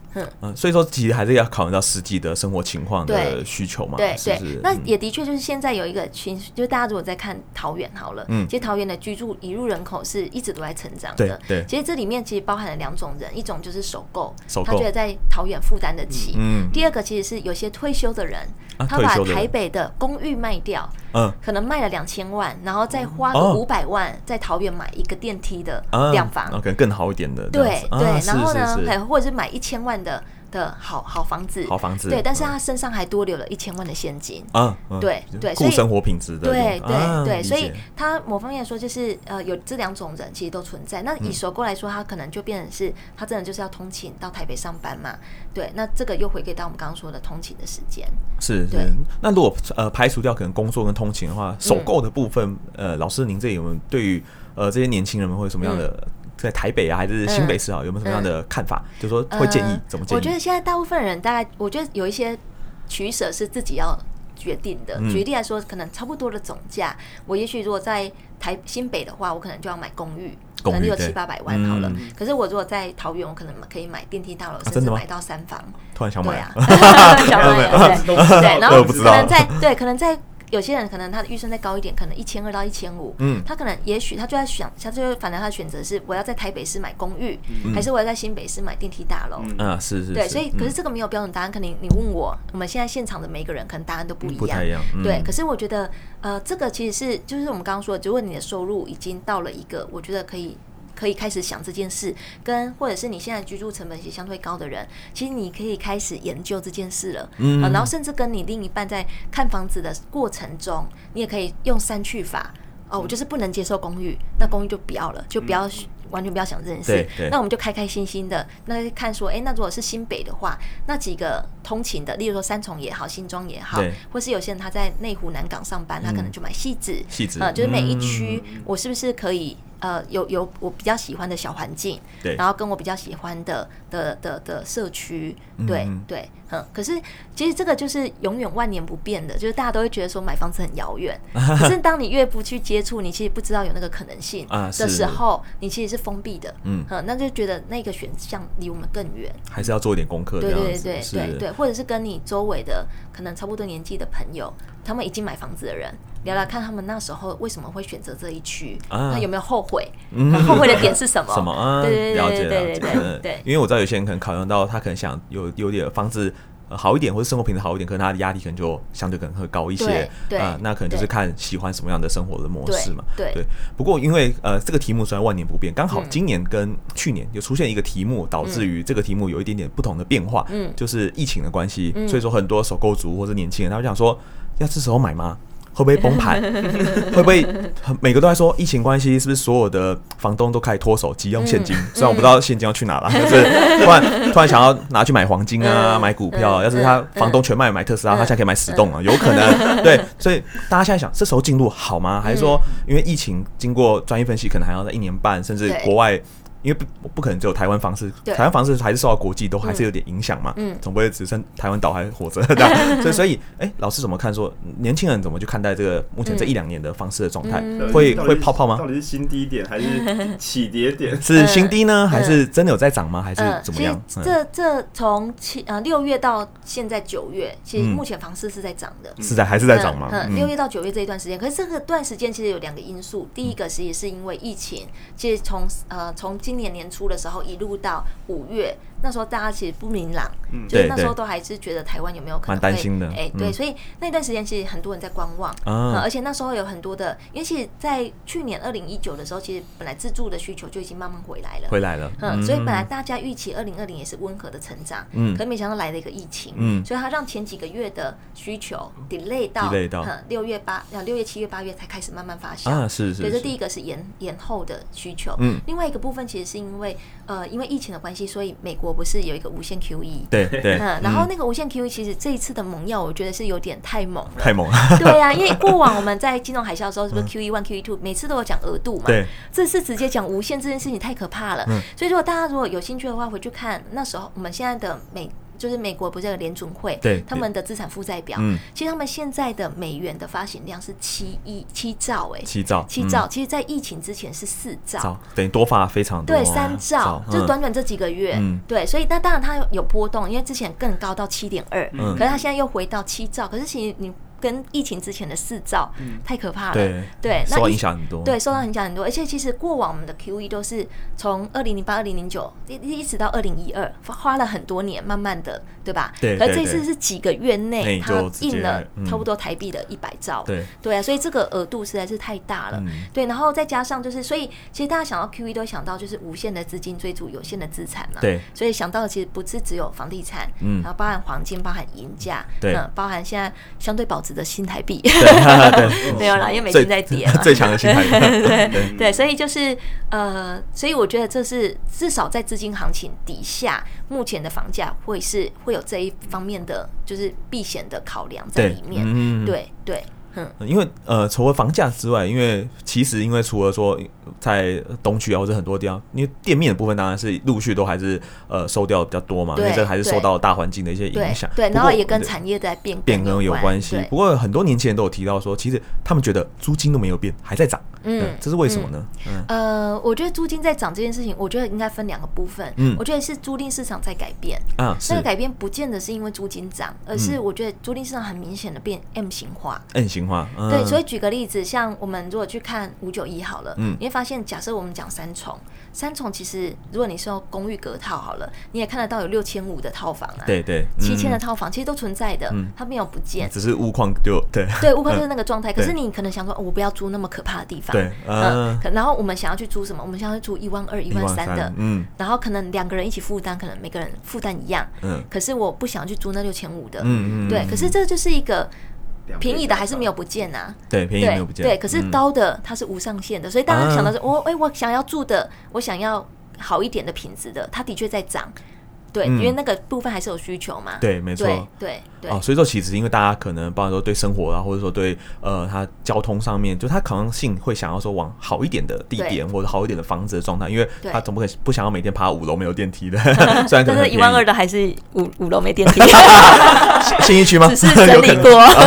嗯，所以說其實還是要考慮到實際的生活情況的需求嘛，對是是對，那也的確就是現在有一個情，勢，就是、大家如果在看桃園好了，嗯，其實桃園的居住移入人口是一直都在成長的，對，對其實這裡面其實包含了兩種人，一種就是首購，他覺得在桃園負擔得起嗯，嗯，第二個其實是有些退休的人，啊、他把台北的公寓賣掉，嗯、啊啊，可能賣了兩千萬、嗯，然後再花個五百萬在桃園買一個電梯的兩房，那、啊啊、可能更好一點的，對對、啊，然後呢，哎，或者是買一千萬的。的的好好房子，好房子，對、嗯，但是他身上還多留了一千萬的現金、嗯嗯、的啊，對對，生活品質的，對對對，所以他某方面來說，就是呃，有這兩種人其實都存在。那以首購來說，他可能就變成是，他真的就是要通勤到台北上班嘛？嗯、對，那這個又回歸到我們剛剛說的通勤的時間，是，對。那如果呃排除掉可能工作跟通勤的話，首購的部分、嗯，呃，老師您這裡有沒有對於呃這些年輕人們會有什麼樣的、嗯？在台北啊，還是新北市啊、嗯，有沒有什麼樣的看法？嗯、就說會建議、嗯、怎麼建議？我覺得現在大部分人，大概我覺得有一些取捨是自己要決定的。嗯、舉例來說，可能差不多的總價，我也許如果在台新北的話，我可能就要買公寓，公寓可能就有七八百萬好了、嗯。可是我如果在桃園，我可能可以買電梯大樓、啊，真的嗎？甚至買到三房？突然想買了、啊、 突然想買，了 想買了對 對，然後可能在對，對，可能在。有些人可能他的預算再高一點，可能一千二到一千五，嗯，他可能也許他就在想，他就反正他的選擇是，我要在台北市買公寓，嗯，還是我要在新北市買電梯大樓，嗯？啊，是，是是，對，所以，嗯，可是這個沒有標準答案，可能你問我，我們現在現場的每一個人，可能答案都不一樣，不太一樣，嗯，對。可是我覺得，呃，這個其實是就是我們剛剛說的，如果你的收入已經到了一個，我覺得可以。可以開始想這件事，跟或者是你現在居住成本也相對高的人，其實你可以開始研究這件事了。嗯，啊、然後甚至跟你另一半在看房子的過程中，你也可以用刪去法。哦，我就是不能接受公寓，那公寓就不要了，就不要、嗯、完全不要想這件事。對對。那我們就開開心心的那看說，哎、欸，那如果是新北的話，那幾個通勤的，例如說三重也好，新莊也好，對、或是有些人他在內湖南港上班，嗯、他可能就買汐止，汐止、啊、就是每一區，我是不是可以？呃，有有我比較喜歡的小環境，對，然後跟我比較喜歡的的的的,的社區，對對，嗯對，可是其實這個就是永遠萬年不變的，就是大家都會覺得說買房子很遙遠， 可是當你越不去接觸，你其實不知道有那個可能性的時候，啊、是、你其實是封閉的，嗯，嗯，那就覺得那個選項離我們更遠，還是要做一點功課，對對對對,對對，或者是跟你周圍的可能差不多年紀的朋友。他們已經買房子的人，聊聊看他們那時候為什麼會選擇這一區，啊，他有沒有後悔？嗯、他後悔的點是什麼？什麼、啊？對對對對對，對 因為我知道有些人可能考量到他可能想有有點房子。呃、好一點，或者生活品質好一點，可能他的壓力可能就相對可能會高一些啊、呃。那可能就是看喜歡什麼樣的生活的模式嘛。對，不過因為呃這個題目雖然萬年不變，剛好今年跟去年就出現一個題目，導致於這個題目有一點點不同的變化。嗯，就是疫情的關係，所以說很多首購族或者年輕人，他會想說要這時候買嗎？會不會崩盤？會不會每個都在說疫情關係，是不是所有的房東都開始脫手，急用現金，嗯？雖然我不知道現金要去哪了，就、嗯、是突然、嗯、突然想要拿去買黃金啊，嗯、買股票、嗯。要是他房東全賣買特斯拉，嗯、他現在可以買死洞啊，有可能。對，所以大家現在想，這時候進入好嗎？還是說因為疫情，經過專業分析，可能還要在一年半，甚至國外。因為不不可能只有台灣房市，台灣房市還是受到國際都還是有點影響嘛，嗯，總不會只剩台灣島還活着，所、嗯、以 所以，哎、欸，老師怎麼看說？說年輕人怎麼去看待這個目前這一兩年的房市的狀態、嗯？會、嗯、會泡泡嗎到？到底是新低點還是起跌點？嗯、是新低呢、嗯，還是真的有在漲嗎？還是怎麼樣？嗯嗯、這這從七呃六月到現在九月，其實目前房市是在漲的、嗯，是在還是在漲嗎嗯嗯？嗯，六月到九月這一段時間，可是這個段時間其實有兩個因素，第一個其實是因為疫情，嗯、其實從呃從。今年年初的時候，一路到五月。那時候大家其實不明朗，對對對就是、那時候都還是覺得台灣有沒有可能會？蠻擔心的，哎、欸，對、嗯，所以那段時間其實很多人在觀望、啊嗯，而且那時候有很多的，尤其實在去年二零一九的時候，其實本來自住的需求就已經慢慢回來了，回來了。嗯，嗯，所以本來大家預期二零二零也是溫和的成長，嗯，可是沒想到來了一個疫情，嗯，所以它讓前幾個月的需求 delay 到六、嗯嗯嗯、月八六月七月八月才開始慢慢發酵，啊，是是是，是，這第一個是延延後的需求，嗯，另外一個部分其實是因為呃因為疫情的關係，所以美國。我不是有一個，無限 QE 對對、嗯嗯，然後那個無限 QE 其實，這一次的猛藥，我覺得是有點太猛了，太猛了。對呀、啊， 因為過往我們在金融海嘯的時候，是不是 QE one、嗯、QE two，每次都有講額度嘛？對，這次直接講無限這件事情太可怕了、嗯。所以如果大家如果有興趣的話，回去看那時候，我們現在的每。就是美國不是有聯準會？對，他們的資產負債表。嗯，其實他們現在的美元的發行量是七億七兆哎、欸，七兆，七兆。嗯、其實，在疫情之前是四兆，兆等於多發了非常多、啊。對，三兆，嗯、就是、短短這幾個月。嗯，對，所以那當然它有波動，因為之前更高到七點二，嗯，可是它現在又回到七兆，可是其實你。跟疫情之前的四兆、嗯、太可怕了，對，對，那受影響很多，對，受到影響很多、嗯，而且其實過往我們的 Q E 都是從二零零八、二零零九一一直到二零一二，花了很多年，慢慢的，對吧？對，對，對。而這次是幾個月內，它印了差不多台幣的一百兆，對、嗯，對啊，所以這個額度實在是太大了、嗯，對。然後再加上就是，所以其實大家想到 Q E 都想到就是無限的資金追逐有限的資產嘛，對。所以想到的其實不是只有房地產，嗯，然後包含黃金、包含銀價，對、嗯，包含現在相對保值。的新台幣沒有啦，因為美金在跌，最強的新台幣， 對對，對，對，所以就是呃，所以我覺得這是至少在資金行情底下，目前的房價會是會有這一方面的就是避險的考量在裡面，對對。嗯對對因為呃，除了房價之外，因為其實，因為除了說在東區啊或者很多地方，因為店面的部分當然是陸續都還是呃收掉比較多嘛，因為這還是受到大環境的一些影響。對，對，然後也跟產業在變更變更有關係。不過很多年輕人都有提到說，其實他們覺得租金都沒有變，還在漲。嗯，這是為什麼呢？嗯，呃，我覺得租金在漲這件事情，我覺得應該分兩個部分。嗯，我覺得是租賃市場在改變。啊，是，那個改變不見得是因為租金漲，而是我覺得租賃市場很明顯的變 M 型化。嗯、M 型化、嗯，對。所以舉個例子，像我們如果去看五九一好了，嗯，你會發現，假設我們講三重。三重其實，如果你說公寓隔套好了，你也看得到有六千五的套房啊，對對，對，七千的套房、嗯、其實都存在的、嗯，它沒有不見，只是屋況就對對，屋況就是那個狀態、嗯。可是你可能想說、哦，我不要租那麼可怕的地方，對，可、呃嗯、然後我們想要去租什麼？我們想要租一萬二、一萬三的，3, 嗯。然後可能兩個人一起負擔，可能每個人負擔一樣，嗯。可是我不想要去租那六千五的，嗯嗯，對、嗯。可是這就是一個。便宜的還是沒有不見吶、啊啊，對，對，沒有不見對，可是高的它是無上限的，嗯、所以大家想的是，我、嗯，哎、哦欸，我想要住的，我想要好一點的品質的，它的確在漲。對，因為那個部分還是有需求嘛。嗯、對，沒錯，對對啊、哦，所以說其實因為大家可能，包含說對生活啊，或者說對呃，他交通上面，就他可能性會想要說往好一點的地點或者好一點的房子的狀態，因為他總不可能不想要每天爬五樓沒有電梯的， 雖然可能但是一萬二的還是五五樓沒電梯。 新一區嗎？是 有可能，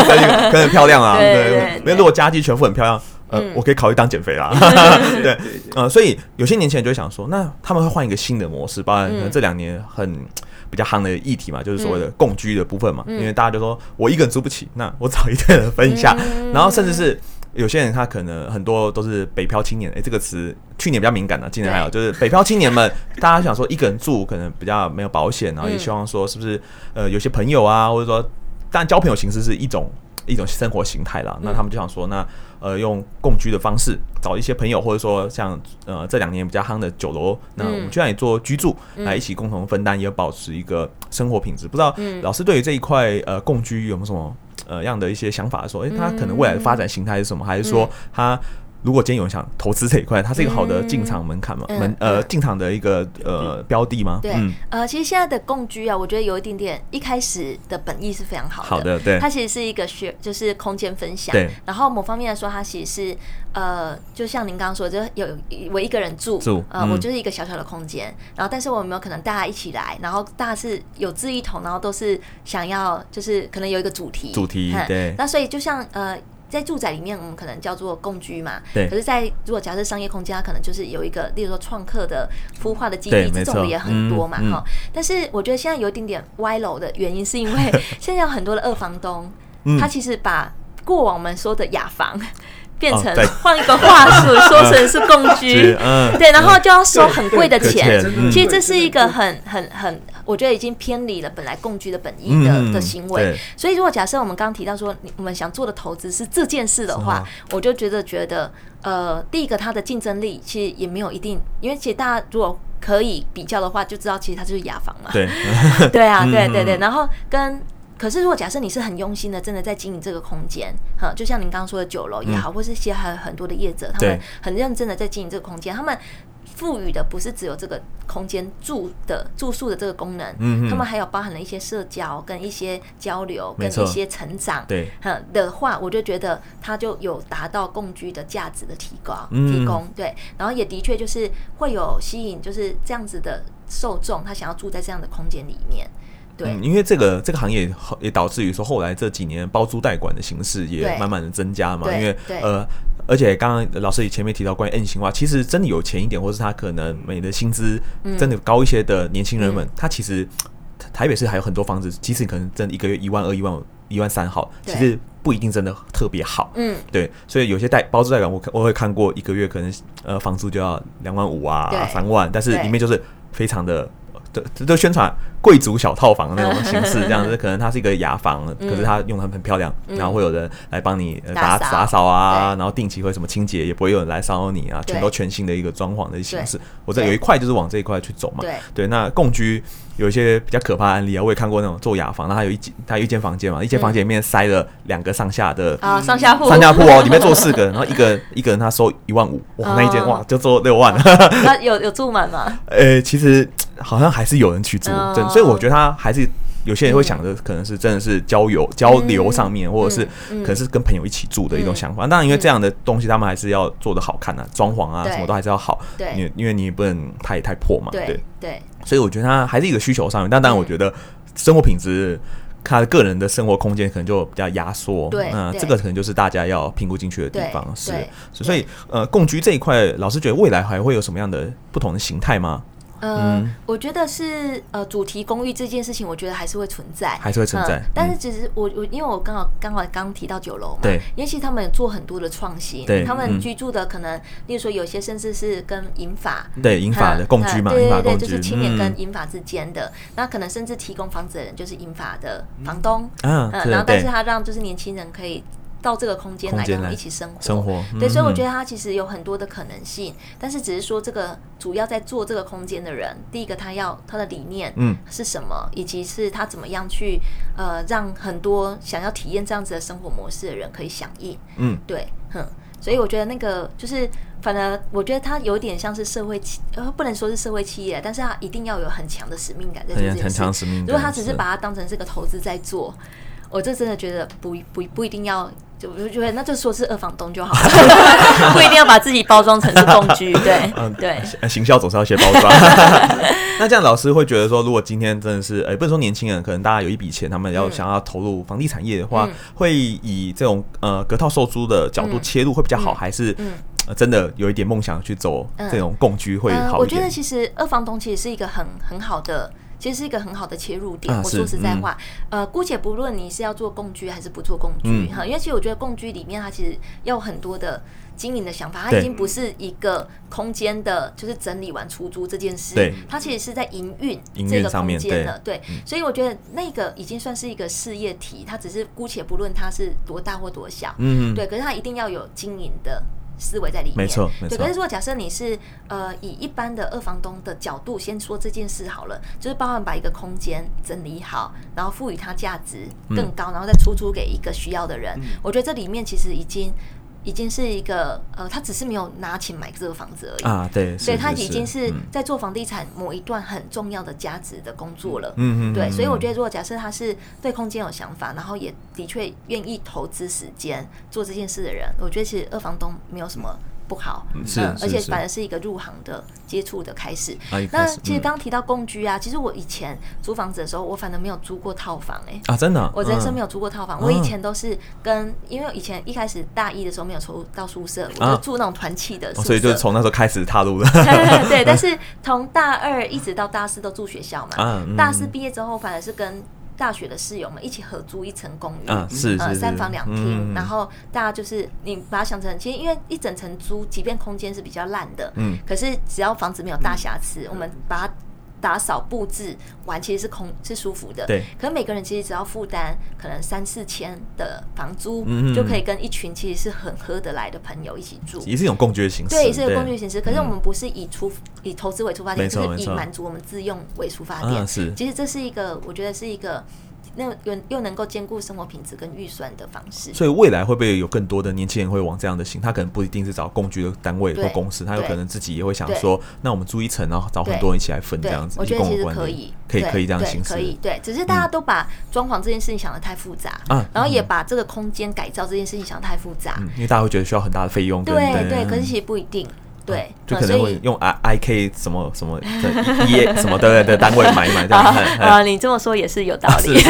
可能很漂亮啊，對對，因為如果家具全部很漂亮。嗯、呃，我可以考慮當減肥啦。 對，對，對，對，呃，所以有些年輕人就會想說，那他們會換一個新的模式，包括可能這兩年很、嗯、比較夯的議題嘛，就是所謂的共居的部分嘛、嗯。因為大家就說，我一個人租不起，那我找一個人分一下、嗯。然後甚至是有些人他可能很多都是北漂青年，哎、欸，這個詞去年比較敏感的，今年還有，就是北漂青年們， 大家想說一個人住可能比較沒有保險，然後也希望說是不是呃有些朋友啊，或者說，當然交朋友形式是一種一種生活形態啦。那他們就想說，那。呃，用共居的方式找一些朋友，或者說像呃這兩年比較夯的酒樓、嗯，那我們居然也做居住，來一起共同分擔、嗯，也保持一個生活品質。不知道老師對於這一塊呃共居有沒有什麼呃樣的一些想法？說，誒、欸，他可能未來的發展形態是什麼？嗯、還是說他？如果今天有人想投資這一塊，它是一個好的進場門檻嗎、嗯嗯？門呃，進場的一個呃、嗯、標的嗎？對、嗯，呃，其實現在的共居啊，我覺得有一點點，一開始的本意是非常好的。好的對。它其實是一個學，就是空間分享。對。然後某方面來說，它其實是呃，就像您剛剛說，就是有我一個人住，住，嗯、呃，我就是一個小小的空間、嗯。然後，但是我有沒有可能大家一起來，然後大家是有志一同，然後都是想要就是可能有一個主題。主題，嗯、對。那所以就像呃。在住宅裡面，我們可能叫做共居嘛。對。可是，在如果假設商業空間，它可能就是有一個，例如說創客的孵化的基地，這種的也很多嘛。哈、嗯嗯，但是，我覺得現在有一點點歪樓的原因，是因為現在有很多的二房東，嗯、他其實把過往我們說的雅房變成換一個話術、啊，說成是共居。嗯嗯、對、嗯。然後就要收很貴的錢，錢、嗯。其實這是一個很很很。很我覺得已經偏離了本來共居的本意的、嗯、的行為，所以如果假設我們剛提到說我們想做的投資是這件事的話，啊、我就覺得覺得呃，第一個它的競爭力其實也沒有一定，因為其實大家如果可以比較的話，就知道其實它就是雅房嘛，對, 對啊，對對對，嗯、然後跟可是如果假設你是很用心的，真的在經營這個空間，哈，就像您剛剛說的酒樓也好，嗯、或是些還有很多的業者，他們很認真的在經營這個空間，他們。賦予的不是只有這個空間住的住宿的這個功能，嗯，他們還有包含了一些社交跟一些交流，跟一些成長，對，的話，我就覺得它就有達到共居的價值的提高，嗯、提供對，然後也的確就是會有吸引，就是這樣子的受眾，他想要住在這樣的空間裡面。嗯，因為這個這個行業也導致於說，後來這幾年包租代管的形式也慢慢的增加嘛。因為呃，而且剛剛老師前面提到關於 M 型化，其實真的有錢一點，或者他可能每年的薪資真的高一些的年輕人們、嗯嗯嗯，他其實台北市還有很多房子，即使你可能真的一個月一萬二、一萬五、一萬三好，其實不一定真的特別好。嗯，對，所以有些代包租代管我，我我會看過一個月可能呃房租就要兩萬五啊三萬，但是裡面就是非常的。就都宣傳貴族小套房的那種形式，這樣子、嗯，可能它是一個雅房、嗯，可是它用的很漂亮，嗯、然後會有人來幫你打打掃啊，然後定期會什麼清潔，也不會有人來騷擾你啊，全都全新的一個裝潢的形式。我這有一塊就是往這一塊去走嘛對對，對，那共居有一些比較可怕的案例啊，我也看過那種做雅房，那它有一間它有一間房間嘛，嗯、一間房間裡面塞了兩個上下的啊，上下鋪，上下鋪哦， 裡面坐四個人，然後一個 一個人他收一萬五、啊、一萬五，哇，那一間哇就做六萬，啊啊、 那有有住滿嗎？呃、欸，其實。好像還是有人去住，哦，所以我覺得他還是有些人會想着，可能是真的是交友，嗯、交流上面，或者是可能是跟朋友一起住的一種想法。嗯嗯、當然，因為這樣的東西，他們還是要做得好看吶，啊，裝、嗯、潢啊什麼都還是要好。你因為你不能太太破嘛。對對，對。所以我覺得他還是一個需求上面，但當然，我覺得生活品質，他個人的生活空間可能就比較壓縮。那這個可能就是大家要評估進去的地方。是，所以呃，共居這一塊，老師覺得未來還會有什麼樣的不同的形態嗎？嗯、呃，我覺得是呃，主題公寓這件事情，我覺得還是會存在，還是會存在。嗯、但是，其實我我因為我剛好剛好剛提到酒樓嘛，對，因為其實他們做很多的創新，對，他們居住的可能，嗯、例如說有些甚至是跟銀髮對銀髮的共居嘛、嗯，對對對工具，就是青年跟銀髮之間的、嗯，那可能甚至提供房子的人就是銀髮的房東嗯、啊，嗯，然後但是他讓就是年輕人可以到這個空間來，然後一起生活。生活，對，所以我覺得他其實有很多的可能性，但是只是說這個主要在做這個空間的人，第一個他要他的理念嗯是什麼，以及是他怎麼樣去呃讓很多想要體驗這樣子的生活模式的人可以響應。嗯，對，哼，所以我覺得那個就是，反而我覺得他有點像是社會企，呃，不能說是社會企業，但是他一定要有很強的使命感在。很很強使命感。如果他只是把它當成是個投資在做，我就真的覺得不不不一定要。我就覺得那就說是二房東就好，不 一定要把自己包裝成是共居，對 對、呃。對，嗯，對，行銷、呃、總是要先包裝 。 那這樣老師會覺得說，如果今天真的是，哎、欸，不能說年輕人，可能大家有一筆錢，他們要想要投入房地產業的話，嗯、會以這種呃隔套收租的角度切入會比較好，嗯嗯嗯、還是、呃、真的有一點夢想去走、嗯、這種共居會好一點、嗯呃、我覺得其實二房東其實是一個很很好的。其實是一個很好的切入點。啊、我說實在話，嗯、呃，姑且不論你是要做共居還是不做共居哈，因為其實我覺得共居裡面它其實要很多的經營的想法，嗯，它已經不是一個空間的，就是整理完出租這件事，它其實是在營運這個空間了。對，所以我覺得那個已經算是一個事業體，嗯，它只是姑且不論它是多大或多小，嗯，對，可是它一定要有經營的。思維在裡面，沒錯，沒錯。可是，如果假設你是呃，以一般的二房東的角度，先說這件事好了，就是包含把一個空間整理好，然後賦予它價值更高，嗯，然後再出租給一個需要的人。嗯、我覺得這裡面其實已經。已經是一個呃，他只是沒有拿錢買這個房子而已啊，對，所以他已經是在做房地產某一段很重要的價值的工作了，嗯嗯，對，嗯哼嗯哼，所以我覺得，如果假設他是對空間有想法，然後也的確願意投資時間做這件事的人，我覺得其實二房東沒有什麼。不好、嗯是嗯，是，而且反而是一個入行的是是接觸的開始、啊、開始。那其實剛提到共居啊、嗯，其實我以前租房子的時候，我反正沒有租過套房哎、欸、啊，真的、啊嗯，我人生沒有租過套房、啊。我以前都是跟，因為以前一開始大一的時候沒有抽到宿舍、啊，我就住那種團契的、啊哦，所以就從那時候開始踏入了。 對， 但是從大二一直到大四都住學校嘛。啊、嗯大四畢業之後，反而是跟。大學的室友們一起合租一層公寓，啊、是，是，是，呃是是是三房兩廳、嗯，然後大家就是你把它想成，其實因為一整層租，即便空間是比較爛的、嗯，可是只要房子沒有大瑕疵，嗯、我們把它。打掃布置玩，其實是空是舒服的。對，可是每個人其實只要負擔可能三四千的房租、嗯，就可以跟一群其實是很合得來的朋友一起住。也是一種共居的形式。對，是一個共居的形式。可是我們不是以出、嗯、以投資為出發點，就是以滿足我們自用為出發點、嗯。是。其實這是一個，我覺得是一個。那又又能夠兼顧生活品質跟預算的方式，所以未來會不會有更多的年輕人會往這樣的行，他可能不一定是找共居的單位或公司，他有可能自己也會想說，那我們租一層，然後找很多人一起來分這樣子共，我覺得其實可以，可以可以這樣形成。可以對，只是大家都把裝潢這件事情想得太複雜嗯、啊，然後也把這個空間改造這件事情想得太複雜、嗯嗯，因為大家會覺得需要很大的費用。對對，對，可是其實不一定。對、嗯，就可能會用 i i k 什麼什麼 e 什麼，對對單位買一買對 啊，你這麼說也是有道理。 是，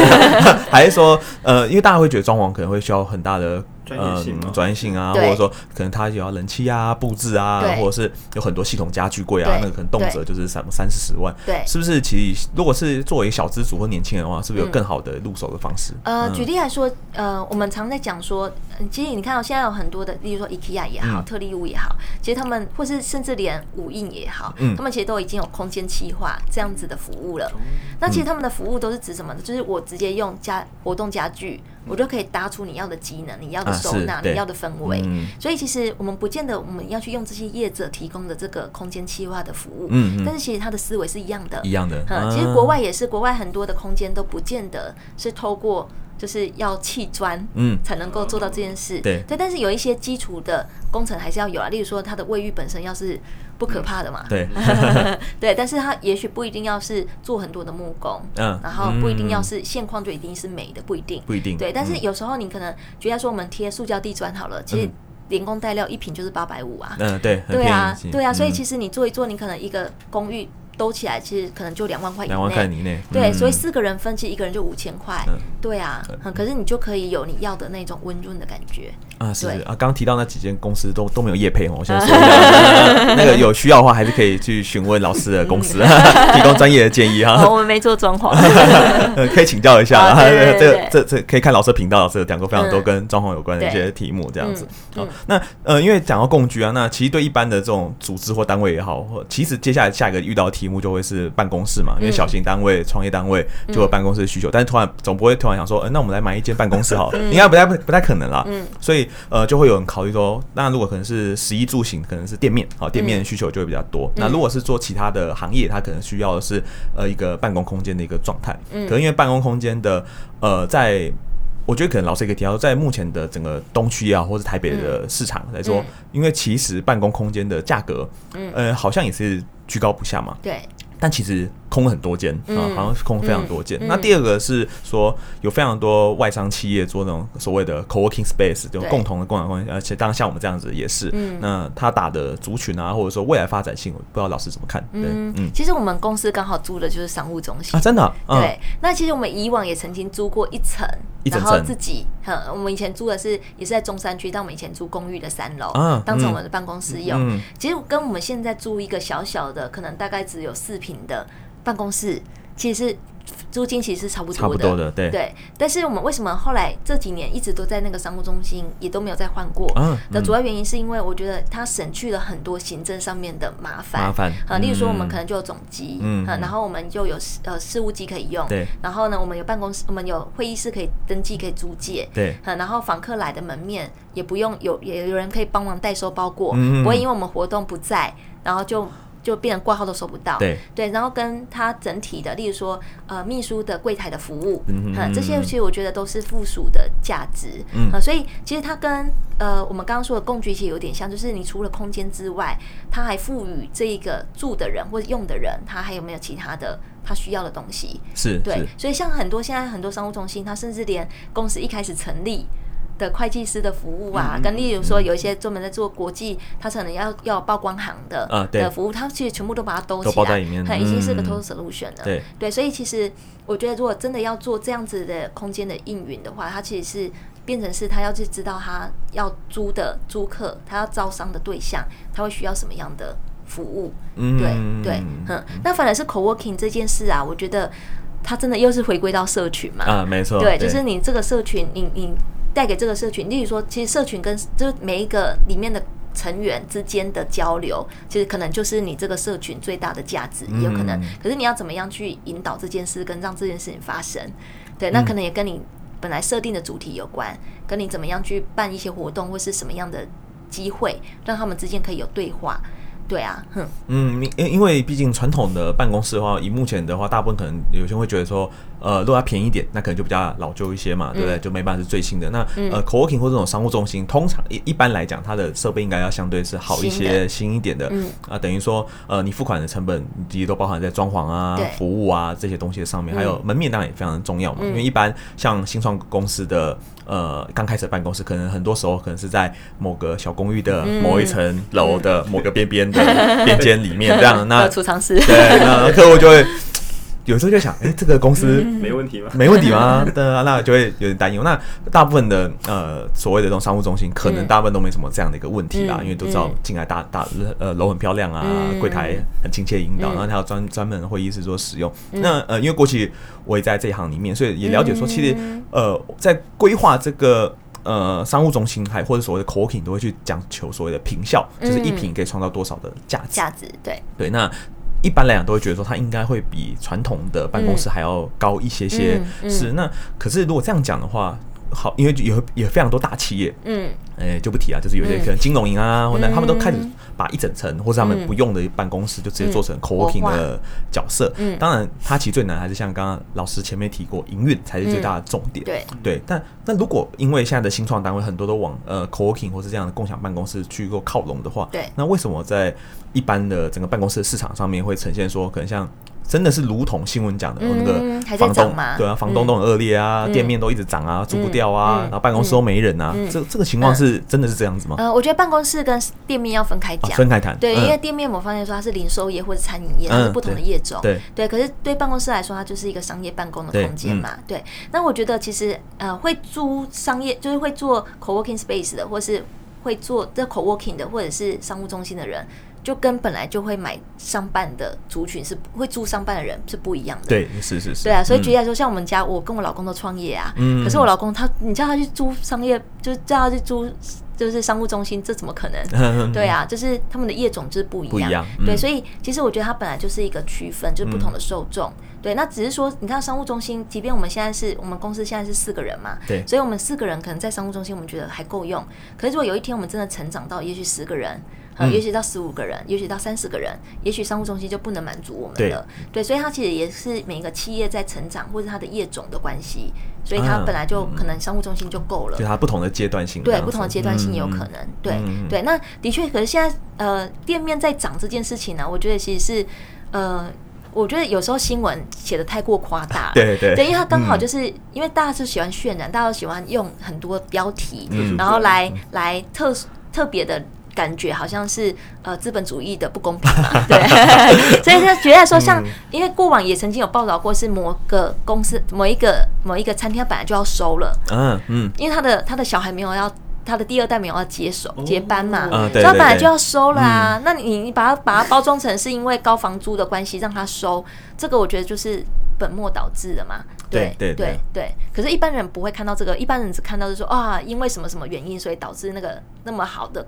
還是說，呃，因為大家會覺得裝潢可能會需要很大的呃專業性、嗯、啊，或者說可能它也要人氣啊、布置啊，或者是有很多系統家具櫃啊，那個可能動輒就是三三四十萬對。對，是不是？其實如果是作為小資族或年輕人的話，是不是有更好的入手的方式？嗯、呃，舉例來說，呃，我們常在講說。嗯，其實你看到、喔、現在有很多的，例如說 IKEA 也好，嗯、特力屋也好，其實他們或是甚至連無印也好，嗯，他們其實都已經有空間企劃這樣子的服務了、嗯。那其實他們的服務都是指什麼呢？就是我直接用家活動家具，嗯、我就可以搭出你要的機能、你要的收納、啊、你要的氛圍、嗯。所以其實我們不見得我們要去用這些業者提供的這個空間企劃的服務，嗯，嗯，但是其實他的思維是一樣的，一樣的、嗯啊。其實國外也是，國外很多的空間都不見得是透過。就是要砌磚，嗯，才能夠做到這件事、嗯對。對，但是有一些基礎的工程還是要有啊，例如說它的衛浴本身要是不可怕的嘛。嗯、對， 對，但是它也許不一定要是做很多的木工，嗯、啊，然後不一定要是現況就一定是美的，不一定，不一定。對，但是有時候你可能，覺得說我們貼塑膠地磚好了、嗯，其實連工帶料一坪就是八百五啊、嗯。對，對啊，對啊，嗯、所以其實你做一做，你可能一個公寓。兜起來其實可能就兩萬塊以內，兩萬塊以內，對、嗯，所以四個人分，其實，一個人就五千塊、嗯，對啊、嗯，可是你就可以有你要的那種溫潤的感覺。啊，是是啊，剛剛提到那幾間公司都都沒有業配哈，我先說一下 那，那個有需要的話還是可以去詢問老師的公司， 提供專業的建議哈。 好 我們沒做裝潢 嗯，可以請教一下 啊，對對對對這個、這個、這個、可以看老師頻道，老師講過非常多跟裝潢有關的一些題目、嗯嗯、這樣子。好、啊，那呃，因為講到共居啊，那其實對一般的這種組織或單位也好，其實接下來下一個遇到的題目就會是辦公室嘛，因為小型單位、創業單位就有辦公室的需求，嗯、但是突然總不會突然想說，嗯、呃，那我們來買一間辦公室好了。 嗯、應該不太不太可能啦，嗯、所以。呃，就會有人考慮說，那如果可能是食衣住行，可能是店面，好、啊，店面需求就會比較多、嗯。那如果是做其他的行業，它可能需要的是呃一個辦公空間的一個狀態。嗯，可能因為辦公空間的呃，在我覺得可能老師也可以提到說，在目前的整個東區啊，或是台北的市場來說，嗯、因為其實辦公空間的價格，嗯、呃，好像也是居高不下嘛。對，但其實。空很多間、嗯、啊，好像是空非常多間、嗯嗯。那第二個是說有非常多外商企業做那種所謂的 co-working space，就共同的共享空間，而且當然像我們這樣子也是。嗯，那他打的族群啊，或者說未來發展性，我不知道老師怎麼看？對，嗯。其實我們公司剛好租的就是商務中心啊，真的、啊嗯。對，那其實我們以往也曾經租過一層，然後自己，我們以前租的是也是在中山區，但我們以前租公寓的三樓、啊，當成我們的辦公室用、嗯。其實跟我們現在租一個小小的，嗯、可能大概只有四平的。辦公室其實租金其實是差不多的，差不多的對對。但是我們為什麼後來這幾年一直都在那個商務中心，也都沒有再換過？的、啊嗯、主要原因是因為我覺得它省去了很多行政上面的麻煩，嗯、啊，例如說，我們可能就有總機，嗯，啊、然後我們就有呃事務機可以用，對。然後呢，我們有辦公室，我們有會議室可以登記，可以租借，對。啊、然後訪客來的門面也不用有，也有人可以幫忙代收包裹、嗯，不會因為我們活動不在，然後就。就變成掛號都收不到，對對，然後跟他整體的，例如說呃秘書的櫃檯的服務，嗯哼嗯哼嗯哼，嗯哼，這些其實我覺得都是附屬的價值，嗯，呃，所以其實它跟呃我們剛剛說的共居其實有點像，就是你除了空間之外，它還賦予這個住的人或者用的人，他還有沒有其他的他需要的東西？是對是，所以像很多現在很多商務中心，它甚至連公司一開始成立。的會計師的服務啊、嗯，跟例如說有一些專門在做國際，他可能要要報關行的、啊、的服務，他其實全部都把它兜起來都包在裡面，那已經是個 total solution 的、嗯。對對，所以其實我覺得，如果真的要做這樣子的空間的營運的話，他其實是變成是，他要去知道他要租的租客，他要招商的對象，他會需要什麼樣的服務？嗯，對對嗯，嗯，那反而是 co working 這件事啊，我覺得他真的又是回歸到社群嘛。啊，沒錯，對，就是你這個社群，你你。帶給這個社群，例如說，其實社群跟就是每一個裡面的成員之間的交流，其實可能就是你這個社群最大的價值，嗯，也有可能。可是你要怎麼樣去引導這件事，跟讓這件事情發生？對，那可能也跟你本來設定的主題有關，嗯，跟你怎麼樣去辦一些活動，或是什麼樣的機會，讓他們之間可以有對話。對啊，哼。嗯，因因為畢竟傳統的辦公室的話，以目前的話，大部分可能有些人會覺得說。呃，如果要便宜一點，那可能就比較老舊一些嘛、嗯，對不對？就沒辦法是最新的。嗯、那呃、嗯、，coworking 或這種商務中心，通常一一般來講，它的設備應該要相對是好一些、新，新一點的。嗯啊、呃，等於說，呃，你付款的成本，其實都包含在裝潢啊、服務啊這些東西的上面、嗯，還有門面當然也非常重要嘛。嗯、因為一般像新創公司的呃，剛開始的辦公室，可能很多時候可能是在某個小公寓的某一層樓的某個邊邊的邊、嗯、間、嗯嗯、裡面這樣。 這樣那儲 藏室對，那客戶就會。有時候就想，哎、欸，這個公司沒問題嗎？ 沒問題嗎？對啊，那就會有點擔憂。那大部分的呃所謂的這種商務中心、嗯，可能大部分都沒什麼這樣的一個問題啦，嗯、因為都知道進來大大，大呃樓很漂亮啊，櫃、嗯、台很親切引導、嗯，然後他有專專門會意室做使用。嗯、那呃，因為過去我也在這一行裡面，所以也了解說，其實、嗯、呃在規劃這個呃商務中心還，還或者所謂的 coworking 都會去講求所謂的坪效、嗯，就是一坪可以創造多少的價價值，值。對對，那。一般來講，都會覺得說它應該會比傳統的辦公室還要高一些些，嗯嗯嗯。是，那，可是如果這樣講的話。好，因為有有非常多大企業，嗯，哎、欸，就不提啊，就是有些可能金融銀啊、嗯，或者他們都開始把一整層、嗯、或是他們不用的辦公室就直接做成 coworking 的角色，嗯，嗯當然，它其實最難還是像剛剛老師前面提過，營運才是最大的重點，嗯、對對，但那如果因為現在的新創單位很多都往呃 coworking 或是這樣的共享辦公室去夠靠攏的話，對，那為什麼在一般的整個辦公室的市場上面會呈現說可能像？真的是如同新聞講的、嗯，那個房東還在漲嗎？對啊、嗯，房東都很惡劣啊、嗯，店面都一直漲啊、嗯，租不掉啊、嗯嗯，然後辦公室都沒人啊，嗯、這這個情況是真的是這樣子嗎？呃、嗯嗯，我覺得辦公室跟店面要分開講，分開談，對，因為店面我發現說它是零售業或者餐飲業，嗯、是不同的業種，對對、對、對。可是對辦公室來說，它就是一個商業辦公的空間嘛對、嗯，對。那我覺得其實呃，會租商業就是會做 coworking space 的，或是會做這 coworking 的，或者是商務中心的人。就跟本來就會買商辦的族群是會租商辦的人是不一樣的，對，是是是，對啊，所以舉例來說，嗯、像我們家，我跟我老公都創業啊、嗯，可是我老公他，你叫他去租商業，就是叫他去租就是商務中心，這怎麼可能？嗯、對啊，就是他們的業種就是不一樣，不一樣、嗯，對，所以其實我覺得它本來就是一個區分，就是不同的受眾、嗯，對，那只是說你看商務中心，即便我們現在是我們公司現在是四個人嘛，對，所以我們四個人可能在商務中心我們覺得還夠用，可是如果有一天我們真的成長到也許十個人。啊、呃，也許到十五個人、嗯、，也許到三十個人，也許商務中心就不能滿足我們了。對，所以它其實也是每一個企業在成長或者它的業種的關係，所以它本來就可能商務中心就夠了、啊嗯。就它不同的階段性，對不同的階段性也有可能。嗯、對、嗯、對，對，那的確，可是現在呃，店面在漲這件事情呢、啊，我覺得其實是呃，我覺得有時候新聞寫的太過誇大。對、啊、對。對，對嗯、因為它剛好就是、嗯、因為大家是喜歡渲染，大家都喜歡用很多標題，嗯、然後來、嗯、來特特別的。感覺好像是呃資本主義的不公平嘛，對， 所以就覺得說像、嗯，因為過往也曾經有報道過是某個公司某一個某一個餐廳本來就要收了，嗯、啊、嗯，因為他的他的小孩沒有要，他的第二代沒有要接手，哦、接班嘛，啊、對對對，所以他本來就要收了啊。嗯、那你你把它把它包裝成是因為高房租的關係讓他收、嗯，這個我覺得就是本末倒置的嘛，對對對,對,、啊、對,對,對，可是一般人不會看到這個，一般人只看到就說啊，因為什麼什麼原因，所以導致那個那麼好的。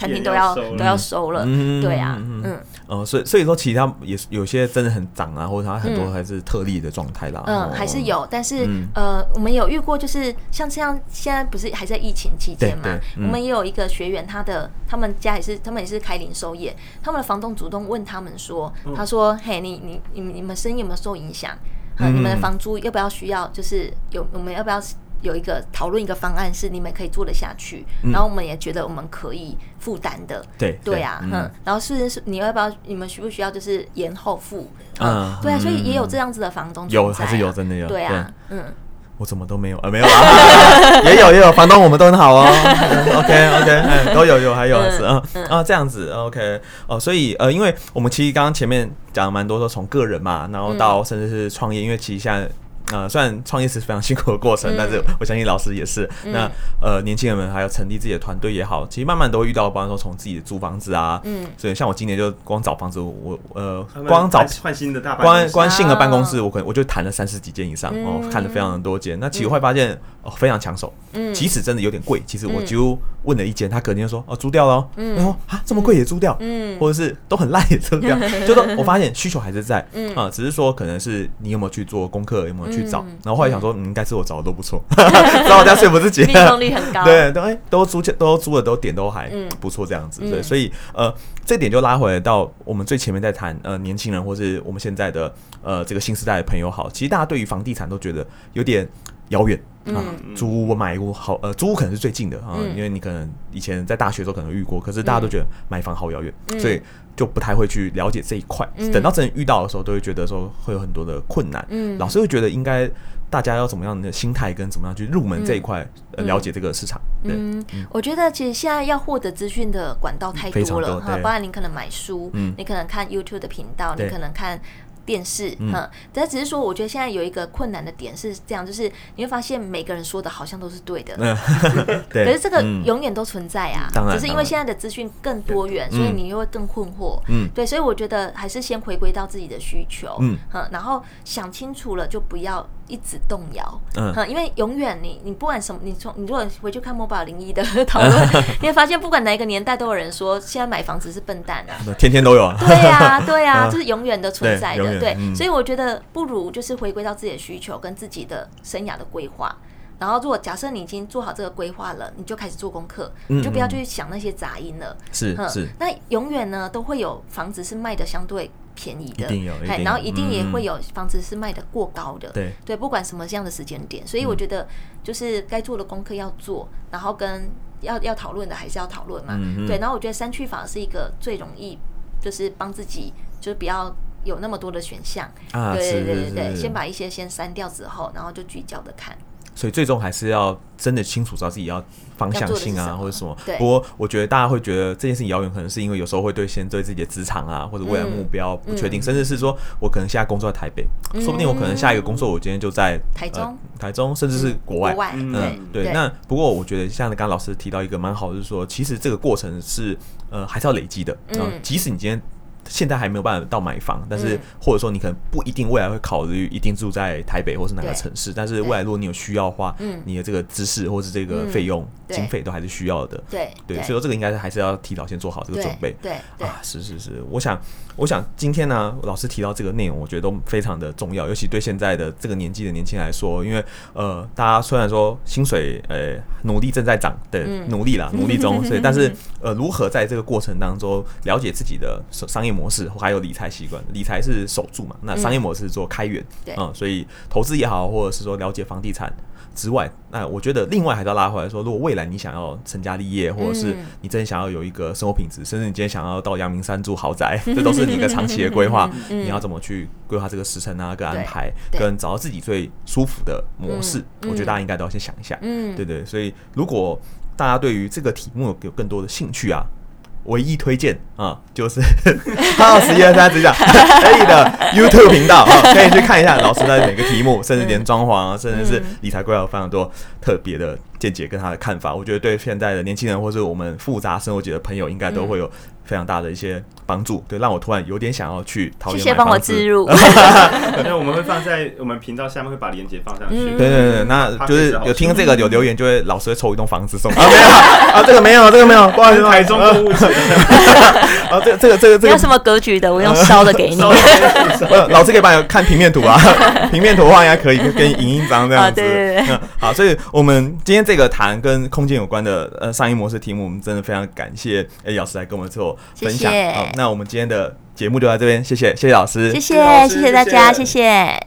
餐廳都要，要、嗯、都要收了，對呀、啊，嗯，嗯嗯呃、所以所以說，其他也有些真的很漲啊，或者他很多還是特例的狀態啦嗯、哦。嗯，還是有，但是、嗯、呃，我們有遇過，就是像這樣，現在不是還在疫情期間嘛，對對對、嗯？我們也有一個學員，他的他們家也是，他們也是開零售業、嗯，他們的房東主動問他們說：“嗯、他說，嘿，你你你你們生意有沒有受影響、嗯？你們的房租要不要需要？就是有我們要不要？”有一個討論一個方案是你們可以做得下去，嗯、然後我們也覺得我們可以負擔的，對對、嗯、對啊，嗯，然後是，是你要不要你們需不需要就是延後付，嗯，嗯對啊、嗯，所以也有這樣子的房東、啊、有還是有真的有，對啊對對，嗯，我怎麼都沒有啊沒有 啊，也有也有房東我們都很好哦、 嗯、OK OK、嗯、都有有還有嗯、還、啊、嗯，啊啊這樣子 OK 哦，所以呃因為我們其實剛剛前面講了蠻多說從個人嘛，然後到甚至是創業、嗯，因為其實現在。呃，雖然創業是非常辛苦的過程、嗯，但是我相信老師也是。嗯、那呃，年輕人們還要成立自己的團隊也好，其實慢慢都會遇到，包括說從自己的租房子啊，嗯，所以像我今年就光找房子，我呃，光找換新的大辦，光光新的辦公室，我可能我就談了三十幾間以上，嗯、哦，看了非常的多間、嗯，那其實會發現、嗯哦、非常搶手，嗯，即使真的有點貴，其實我就。嗯問了一間，他肯定說哦租掉了、哦。然、嗯、後、哦、啊這麼貴也租掉，嗯，或者是都很爛也租掉，嗯、就說我發現需求還是在，嗯啊、呃，只是說可能是你有沒有去做功課、嗯，有沒有去找，然後後來想說應該是我找的都不錯，那、嗯、我我自己命中率很高，對，都租、欸、都租的都，都，都點都還不錯這樣子、嗯，對，所以呃這點就拉回到我們最前面在談呃年輕人或是我們現在的呃這個新時代的朋友，好，其實大家對於房地產都覺得有點。遙遠、嗯、啊，租屋我買屋好呃，租屋可能是最近的啊、嗯，因為你可能以前在大學的時候可能遇過，可是大家都覺得買房好遙遠、嗯，所以就不太會去了解這一塊、嗯。等到真的遇到的時候、嗯，都會覺得說會有很多的困難。嗯，老師會覺得應該大家要怎麼樣的心態，跟怎麼樣去入門這一塊、嗯呃，了解這個市場對。嗯，我覺得其實現在要獲得資訊的管道太多了、嗯、多哈，包含你可能買書、嗯，你可能看 YouTube 的頻道，你可能看。電視，嗯，但只是說，我覺得現在有一個困難的點是這樣，就是你會發現每個人說的好像都是對的， 對，可是這個永遠都存在啊，只是因為現在的資訊更多元，嗯，所以你又會更困惑，嗯，對，所以我覺得還是先回歸到自己的需求，嗯，然後想清楚了就不要。一直動搖，嗯，因為永遠你你不管什麼，你從你如果回去看 Mobile01 的討論、嗯，你會發現不管哪一個年代都有人說現在買房子是笨蛋啊，天天都有啊，對啊對啊,啊，就是永遠的存在的對，對，所以我覺得不如就是回歸到自己的需求跟自己的生涯的規劃，然後如果假設你已經做好這個規劃了，你就開始做功課、嗯嗯，你就不要去想那些雜音了，是是，那永遠呢都會有房子是賣的相對。便宜的一定有，一定有，然後一定也會有房子是賣得過高的，對、嗯、對，不管什麼樣的時間點，所以我覺得就是該做的功課要做、嗯，然後跟要要討論的還是要討論嘛、嗯，對，然後我覺得刪去法是一個最容易，就是幫自己就是不要有那麼多的選項啊，對對對對，對是是是是，先把一些先刪掉之後，然後就聚焦的看，所以最終還是要真的清楚知道自己要。方向性啊，或者什麼？不過我覺得大家會覺得這件事情遙遠，可能是因為有時候會對先對自己的職場啊、嗯，或者未來目標不確定、嗯，甚至是說我可能現在工作在台北、嗯，說不定我可能下一個工作我今天就在、嗯呃、台中，台中、嗯，甚至是國外。嗯，國外嗯，嗯對，對。那不過我覺得像剛剛老師提到一個蠻好，就是說其實這個過程是呃還是要累積的。嗯，即使你今天。現在還沒有辦法到買房，但是或者說你可能不一定未來會考慮一定住在台北或是哪個城市，嗯，但是未來如果你有需要的話，你的這個知識或是這個費用、嗯、經費都還是需要的。對對，對，所以說這個應該是還是要提早先做好這個準備。對、對、對啊，是是是，我想。我想今天呢、啊，老師提到這個內容，我覺得都非常的重要，尤其對現在的這個年紀的年輕人來說，因為呃，大家雖然說薪水呃、欸、努力正在漲，對、嗯，努力啦，努力中，所以但是呃，如何在這個過程當中了解自己的商業模式，還有理財習慣，理財是守住嘛，那商業模式是做開源，嗯，對嗯，所以投資也好，或者是說了解房地產之外，那我覺得另外還是要拉回來說，如果未來你想要成家立業，或者是你真的想要有一個生活品質，甚至你今天想要到陽明山住豪宅，這都是。一個長期的規劃、嗯，你要怎麼去規劃這個時程啊、嗯？跟安排，跟找到自己最舒服的模式，嗯、我覺得大家應該都要先想一下。嗯，對對，對。所以，如果大家對於這個題目有更多的興趣啊，嗯、唯一推薦啊，就是 House123 己下可以的 YouTube 頻道、啊，可以去看一下老師在每個題目，甚至連裝潢、啊嗯，甚至是理財規劃，有非常多特別的見解跟他的看法、嗯。我覺得對現在的年輕人，或是我們複雜生活節的朋友，應該都會有、嗯。非常大的一些幫助，對，讓我突然有點想要去討論一些。謝謝幫我置入，可 能 我們會放在我們頻道下面，會把鏈接放上去、嗯。對對對，那就是有聽這個有留言，就會老師會抽一棟房子送。沒、嗯、有啊、啊、 啊，這個沒有，這個沒有，關於、啊、台中購物中啊，這個、這個這個這個有什麼格局的？我用燒的給你、的給你 老師可以幫你看平面圖啊， 平面圖的話應該可以， 跟影音房這樣子。啊、對、對、對、嗯，好，所以我們今天這個談跟空間有關的呃商業模式題目，我們真的非常感謝哎、欸、老師來跟我們做分享謝謝，好，那我們今天的節目就到這邊，謝謝，謝謝，老師，謝，謝老師，謝謝，謝謝大家，謝謝。